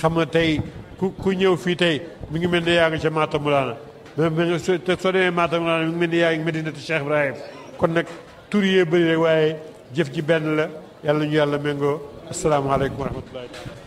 xam nga tey ku ku ñëw fii tey mi ngi mel ne yaa ngi ca maatamulaana mais mais soo kon nag tur yee bëri rek waaye jëf ji benn la yàlla ñu yàlla méngoo asalaamaaleykum wa rahmatullahi